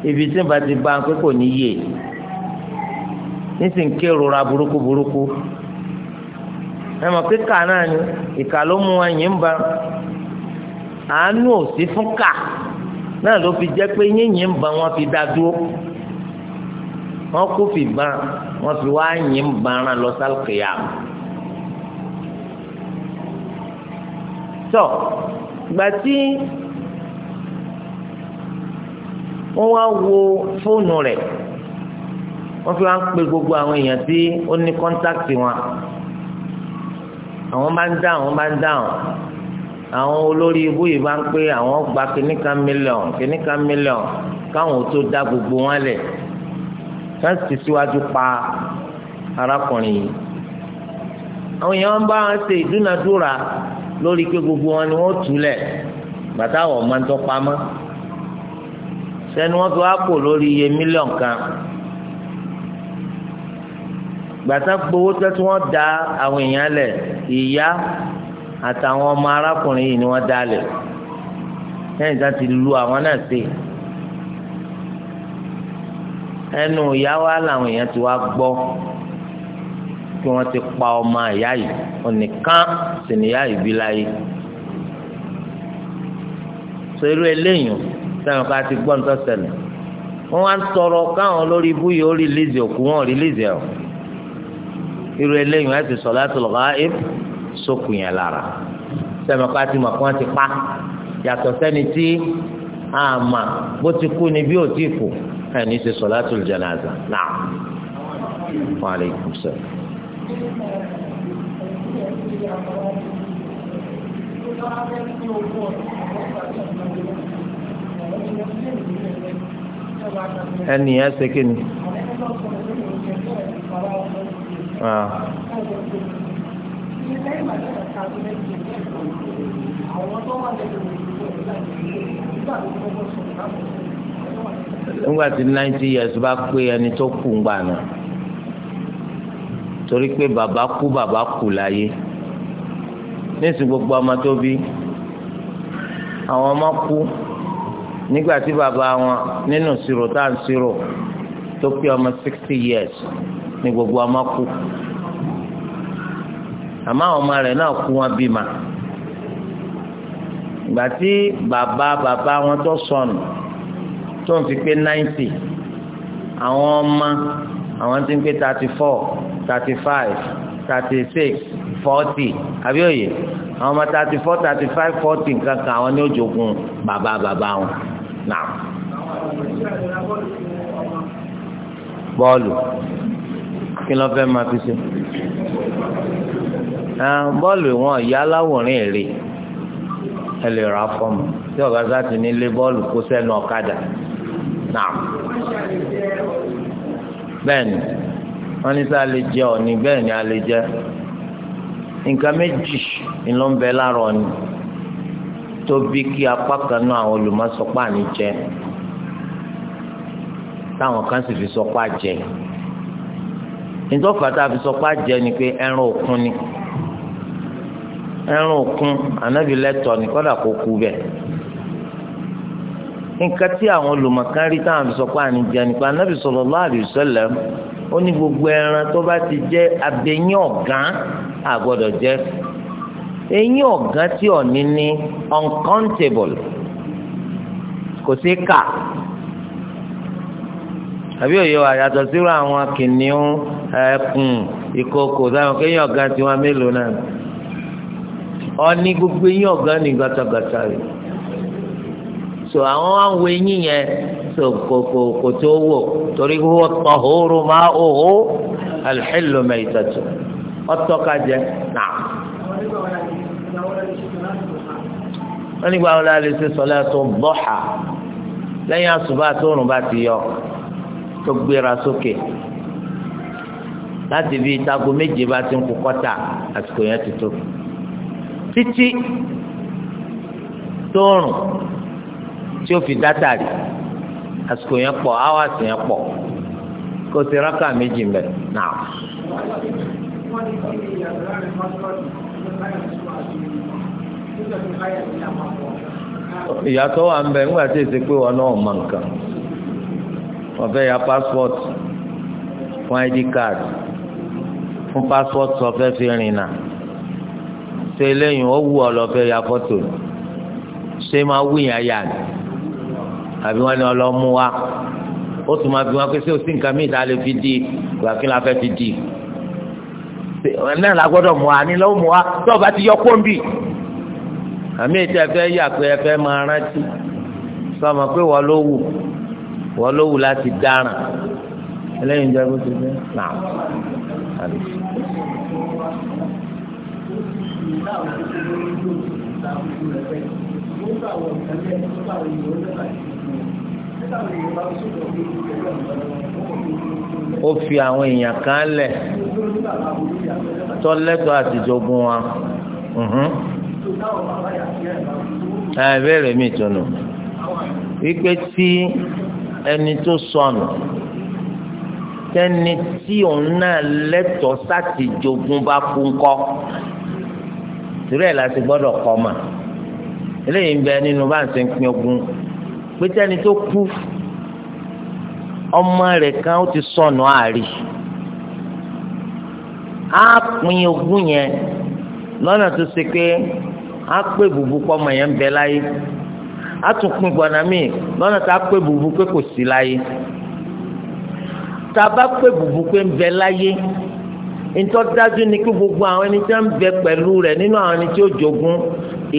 S1: ibi tí bá ti bá pé kò ní yè nísìnyí kérora burúkú burúkú ẹ mọ̀ pé kà náà ni ìkà ló mú wọn yìn bàn àánú ò fún kà náà ló fi jẹ́ pé yínyìn ń ba wọ́n fi dá dúró wọ́n kó fi ban wọ́n fi wá yìn ń banra lọ sálùkìyà. tọ́ gbàtí wọ́n wá wo fóònù rẹ̀ wọ́n fi wá ń pe gbogbo àwọn èèyàn tí ó ní kọ́ńtáàkì wọn àwọn máa ń dáhùn máa ń dáhùn àwọn olórí ibú yìí bá ń pé àwọn gba kìnnìkan mílíọ̀n kìnnìkan mílíọ̀n káwọn tó dá gbogbo wọn lẹ̀ wọ́n sì síwájú pa arákùnrin yìí àwọn èèyàn bá wọn ṣe ìdúnadúrà lórí pé gbogbo wọn ni wọ́n túlẹ̀ bàtà wọn máa ń tọ́ pamọ́ sẹ́ni wọ́n fi wá pò lórí iye mílíọ̀n kan gbàtà gbowó tẹ́tí wọ́n da àwọn èèyàn lẹ̀ ìyá àtàwọn ọmọ arákùnrin yìí ni wọ́n dálẹ̀ lẹ́yìn tá ti lu àwọn náà sí ẹnu ìyá wa làwọn èèyàn ti wá gbọ́ kí wọ́n ti pa ọmọ ìyá yìí ọ̀nìkan sì níyà yìí bí láyé sọ irú eléyìí sẹ́wọ̀n ká ti gbọ́ nítorí ṣẹlẹ̀ wọ́n wá ń tọrọ káwọn lórí ibú yìí ó rìlíìsì òkú wọn rìlíìsì ẹ̀ irú eléyìí ẹ̀ ti sọ̀ láti lọ́ọ́ sókun yẹn lára sẹ́mẹ̀ká ti mọ̀ kí wọ́n ti pa yàtọ̀ sẹ́ni tí àmà bó ti kú ni bí ò ti kú ẹ̀ ní ṣe solatul janaza náà wa alaikum salam.
S2: ẹnì yẹn ṣe kí ni. Ah nígbà tí ninety years bá pé ẹni tó kù ń gbà náà
S1: torí pé bàbá kú bàbá kù láyé nísìn gbogbo ọmọ tó bí àwọn ọmọ kú nígbà tí bàbá wọn nínú sírò tá à ń sírò tó pé ọmọ sixty years ni gbogbo ọmọ kú àmọ́ àwọn ọmọ rẹ̀ náà kú wọn bímọ ìgbà tí bàbá bàbá wọn tó sọnù tó ń fi pé náìtì àwọn ọmọ àwọn ti ń pé thirty four thirty five thirty six forty àbí òye àwọn ọmọ thirty four thirty five forty nǹkan kan àwọn ní òjòògùn bàbá bàbá wọn náà bọ́ọ̀lù kí ló fẹ́ máa fi ṣe. bọ́ọ̀lù wọn ya aláwòrán èrè ẹ lè ra fọ́ọ̀mù tí ọ̀gá sá ti nílé bọ́ọ̀lù kó sẹ́nu ọ̀kadà náà bẹ́ẹ̀ni wọ́n ní sá lè jẹ ọ̀ní bẹ́ẹ̀ni a lè jẹ tó bí kí apá kan náà ní jẹ táwọn kan sì fi sọpá jẹ nítorí sọpá jẹ ni pé ẹran òkun ni. ẹran òkun ànábì lẹ́tọ̀ ní kọ́dà kó kú bẹ́ẹ̀ nǹkan tí àwọn olùmọ̀kan rí táwọn fi sọ pé àní jẹ nípa ànábì sallallahu alaihi wasallam ó ní gbogbo ẹran tó bá ti jẹ́ abẹ́yín ọ̀gán àgbọ̀dọ̀ jẹ eyín ọ̀gán tí ọ̀ní ní uncountable kò sí kà àbí òye wa yàtọ̀ sírò àwọn kìnìún ẹkùn ìkòkò táwọn kéèyàn ọ̀gán tiwọn mélòó náà ọní gbogbo eyín ọ̀gá ni gàtàgàtà rẹ̀ so àwọn àwọn eyín yẹn so kò kò kò tó wò torí wọ́n tọ̀ hóró máa ó hó alḥílò mẹ́tẹ̀tù ọtọ́ ká jẹ náà. wọ́n nígbà wọn lálẹ́ sí sọlá tó bọ́hà lẹ́yìn àsùbá tó rùn bá ti yọ tó gbéra sókè láti bí itago méje bá ti ń kú kọ́tà àsìkò yẹn ti tó títí tóorùn tí ó fi dátàrí àsìkò yẹn pọ̀ áwàsì yẹn pọ̀ kò sí rákà méjì mbẹ náà.
S2: ìyàtọ̀ wà ń bẹ ńgbà
S1: tí èsì pé wọn náà mọ nǹkan wọn fẹ́ ya passport fún id card fún passport sọ fẹ́ fi rìn náà. ṣe eléyìí ó wù ya fọ́tò ṣé máa wù yàn yà ni àbí wọn ni ọlọ́mú wa ó tún máa o sí nǹkan míì tá a lè fi di ìgbà kí la di náà la gbọ́dọ̀ mú wa ní mú ti yọ kóńbì àmì yà pé máa rántí sọmọ pé wọ́n ló wù wọ́n ló wù láti dáràn
S2: láwọn tó tó lórí tó láwọn tó rẹ̀ bẹ́ẹ̀ mo gbà wọ̀ ìtẹ́lẹ̀ mo gbà wọ̀ ìwé lọ́gbà ó fi
S1: àwọn èèyàn kan lẹ̀
S2: tọ́lẹ́tọ̀ àtijọ́gun wa
S1: ẹ mi tunu wípé tí ẹni tó sọnù tẹni tí òun náà lẹ́tọ̀ọ́ sátìjọ́gun bá kú ńkọ́ torí ẹ̀ la ti gbọ́dọ̀ kọ́ mà eléyìí ń bẹ nínú bá ń ṣe ń pín ogún pé tẹ́ni tó kú ọmọ rẹ̀ kan ó ti sọnù àárí á pín ogún yẹn lọ́nà tó ṣe pé á pé bùbù pọ̀ ọmọ yẹn ń bẹ láyé á tún pín gbọ̀nà míì lọ́nà tó á pé bùbù pé kò sí láyé tá a bá pé bùbù pé ń bẹ láyé ntọ́ dájú ni kí gbogbo àwọn ẹni tí wọ́n bẹ pẹ̀lú rẹ̀ nínú àwọn ẹni tí ó jogún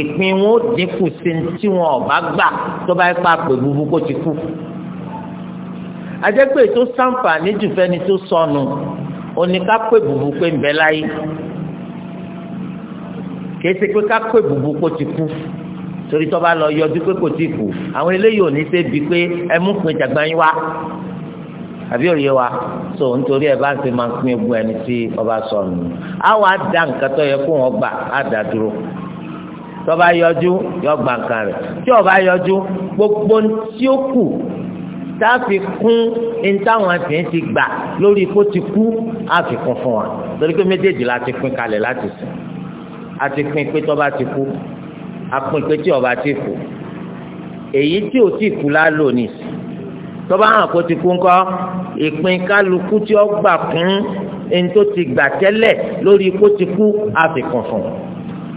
S1: ìpín wọn ó dínkù sí tí wọn ọ̀bá gbà tó bá pa pè bubu kó ti kú. àjẹpẹ́ tó sàǹfààní jù fẹ́ni tó sọnù òní ká pè bubu pé ń bẹ láyé kìí ṣe pé ká pè bubu kó ti kú torí tó bá lọ yọjú pé kò ti kú àwọn eléyìí ò ní ṣe bí pé ẹ pin jàgbá yín wá àbí òye wa so nítorí ẹ bá ń ṣe máa ń pín egun ẹni tí ọba sọnù á wàá da nǹkan tó yẹ kó wọn gbà á dà dúró tọba yọjú yọ gbà nǹkan rẹ tí ọba yọjú gbogbo tí ó kù tá a fi kún ní táwọn àti ń ti gbà lórí kó ti kú á fi kún fún wa torí pé méjèèjì la ti pín kalẹ̀ láti sùn a ti pín pé tọba ti kú a pín pé tí ọba ti kú èyí tí ò tí kú lá sí tọ́ba hàn kó ti kú ńkọ́ ìpín kálukú tí ó gbà kún ẹni tó ti gbà tẹ́lẹ̀ lórí kó ti kú àfikún fún un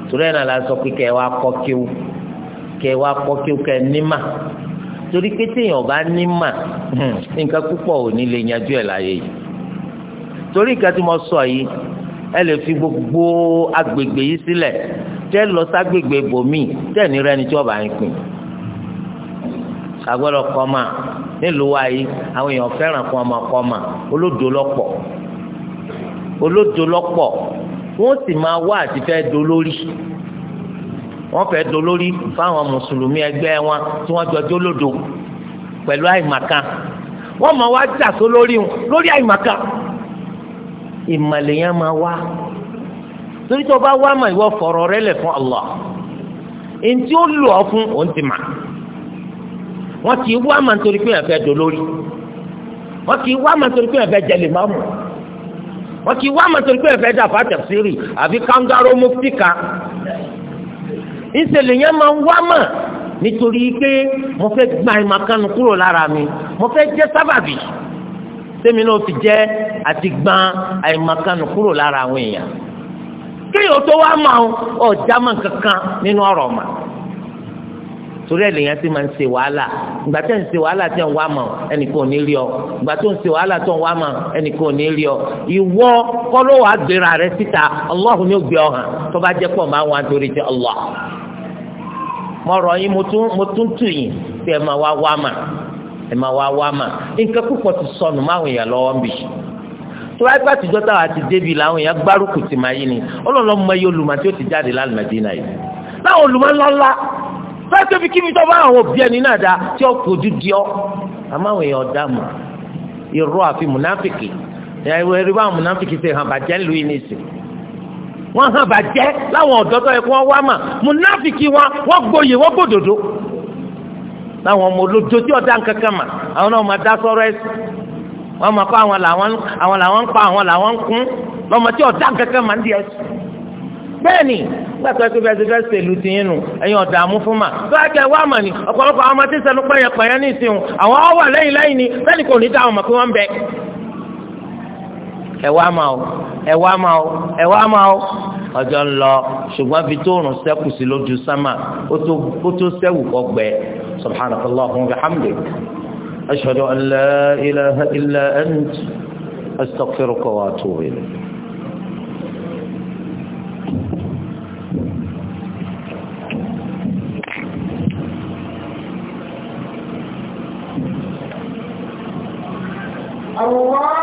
S1: torí ẹ̀ náà la sọ pé kẹ́ ẹ wá kọ́ kíw kẹ́ ẹ wá kọ́ kíw kẹ́ ẹ nímà torí pé téèyàn bá nímà nǹkan púpọ̀ ò ní lè yanjú ẹ̀ láyé yìí torí ìka tí mo sọ yìí ẹ lè fi gbogbo agbègbè yìí sílẹ̀ tẹ́ lọ ságbègbè bòmíì tẹ́ ní rẹ́ni tí wọ́n bá ń pín agbọ́dọ̀ kọ́ máa nílùú wa yìí àwọn èèyàn fẹ́ràn kó ọmọ kọ́ mà olódo lọ́pọ̀ olódo lọ́pọ̀ wọ́n sì máa wá àti fẹ́ dolórí wọ́n fẹ́ dolórí fáwọn mùsùlùmí ẹgbẹ́ wọn tí wọ́n jọ jólódo pẹ̀lú àìmàkan wọ́n máa wá jà só lórí wọn lórí àìmàkan ìmàlẹ̀ yẹn máa wá torí tó bá wá mà ìwọ fọ̀rọ̀ rẹ lẹ̀ fún Allah èntì ó lù ọ fún òun ti mà wọ́n kì í wá màá nítorí pé èèyàn fẹ́ dolórí wọ́n kì í wá màá nítorí pé èèyàn fẹ́ jẹlẹ̀ máa mọ̀ wọ́n kì í wá màá nítorí pé èèyàn fẹ́ dàfà tẹ̀síìrì àbí kángáró mufti kan ìṣẹ̀lẹ̀ yẹn máa ń wá mọ̀ nítorí pé mo fẹ́ gba ìmàkánu kúrò lára mi mo fẹ́ jẹ́ sábàbí sẹ́mi náà fi jẹ́ àti gbọ́n àìmàkánu kúrò lára àwọn èèyàn kéèyàn tó wá máa ọ jámà kankan nínú ọ̀rọ̀ màá torí ẹ̀ ti máa ń se wàhálà ìgbà ń se wàhálà tó ń wá mọ̀ ẹnìkan ní rí ọ ìgbà ń ṣe wàhálà tó ń wá mọ̀ ẹnìkan ò ní rí ọ ìwọ kọ́ wàá gbéra rẹ síta ọlọ́run gbé ọ hàn tó bá jẹ́ pọ̀ máa ti ọlọ́ mo rọ̀ yín mo tún tù yín ẹ máa wá wá mà ẹ máa wá wá mà nǹkan púpọ̀ ti sọnù máwùn èèyàn lọ́wọ́ bì tura ẹgbẹ́ àtijọ́ ti jáde bá tóbi kí mi tó bá àwọn òbí ẹni náà dá tí ó kojú di ọ àmọ́ èèyàn dá mọ̀ irọ́ àfi mùnáfìkì ẹ̀rọ ẹ̀rí bá ṣe hàn bàjẹ́ ńlú yìí wọ́n hàn bàjẹ́ láwọn ọ̀dọ́ tó yẹ kó wọ́n wá mà wọn wọ́n gboyè wọ́n láwọn ọmọ olójó tí ọ̀dá kankan mà àwọn náà máa dá sọ́rọ́ wọ́n máa àwọn làwọn àwọn làwọn kún lọ́mọ tí ọ̀dá mà ń di bẹ́ẹ̀ ni gbàtọ́ ẹgbẹ́ bẹ́ẹ̀ ti fẹ́ sèlú ti yín nu ẹ̀yin ọ̀dààmú fún ma tó a kẹ́ wá mà ní ọ̀pọ̀lọpọ̀ àwọn ọmọ tí sẹ́nu pẹ́yẹ pẹ́yẹ ní ìsìn àwọn wà lẹ́yìn lẹ́yìn ni bẹ́ẹ̀ni kò ní dá àwọn ọmọ pé wọ́n ń bẹ. ẹ wá ma o ẹ wá ma o ẹ wá ma o ọjọ́ ń lọ ṣùgbọ́n fi tóorùn sẹ́kù sí lójú sámà ó tó sẹ́wù kọgbẹ́ subhanakallahu wa bihamdik ashhadu an la ilaha illa ant astaghfiruka wa atubu ilayk
S2: الله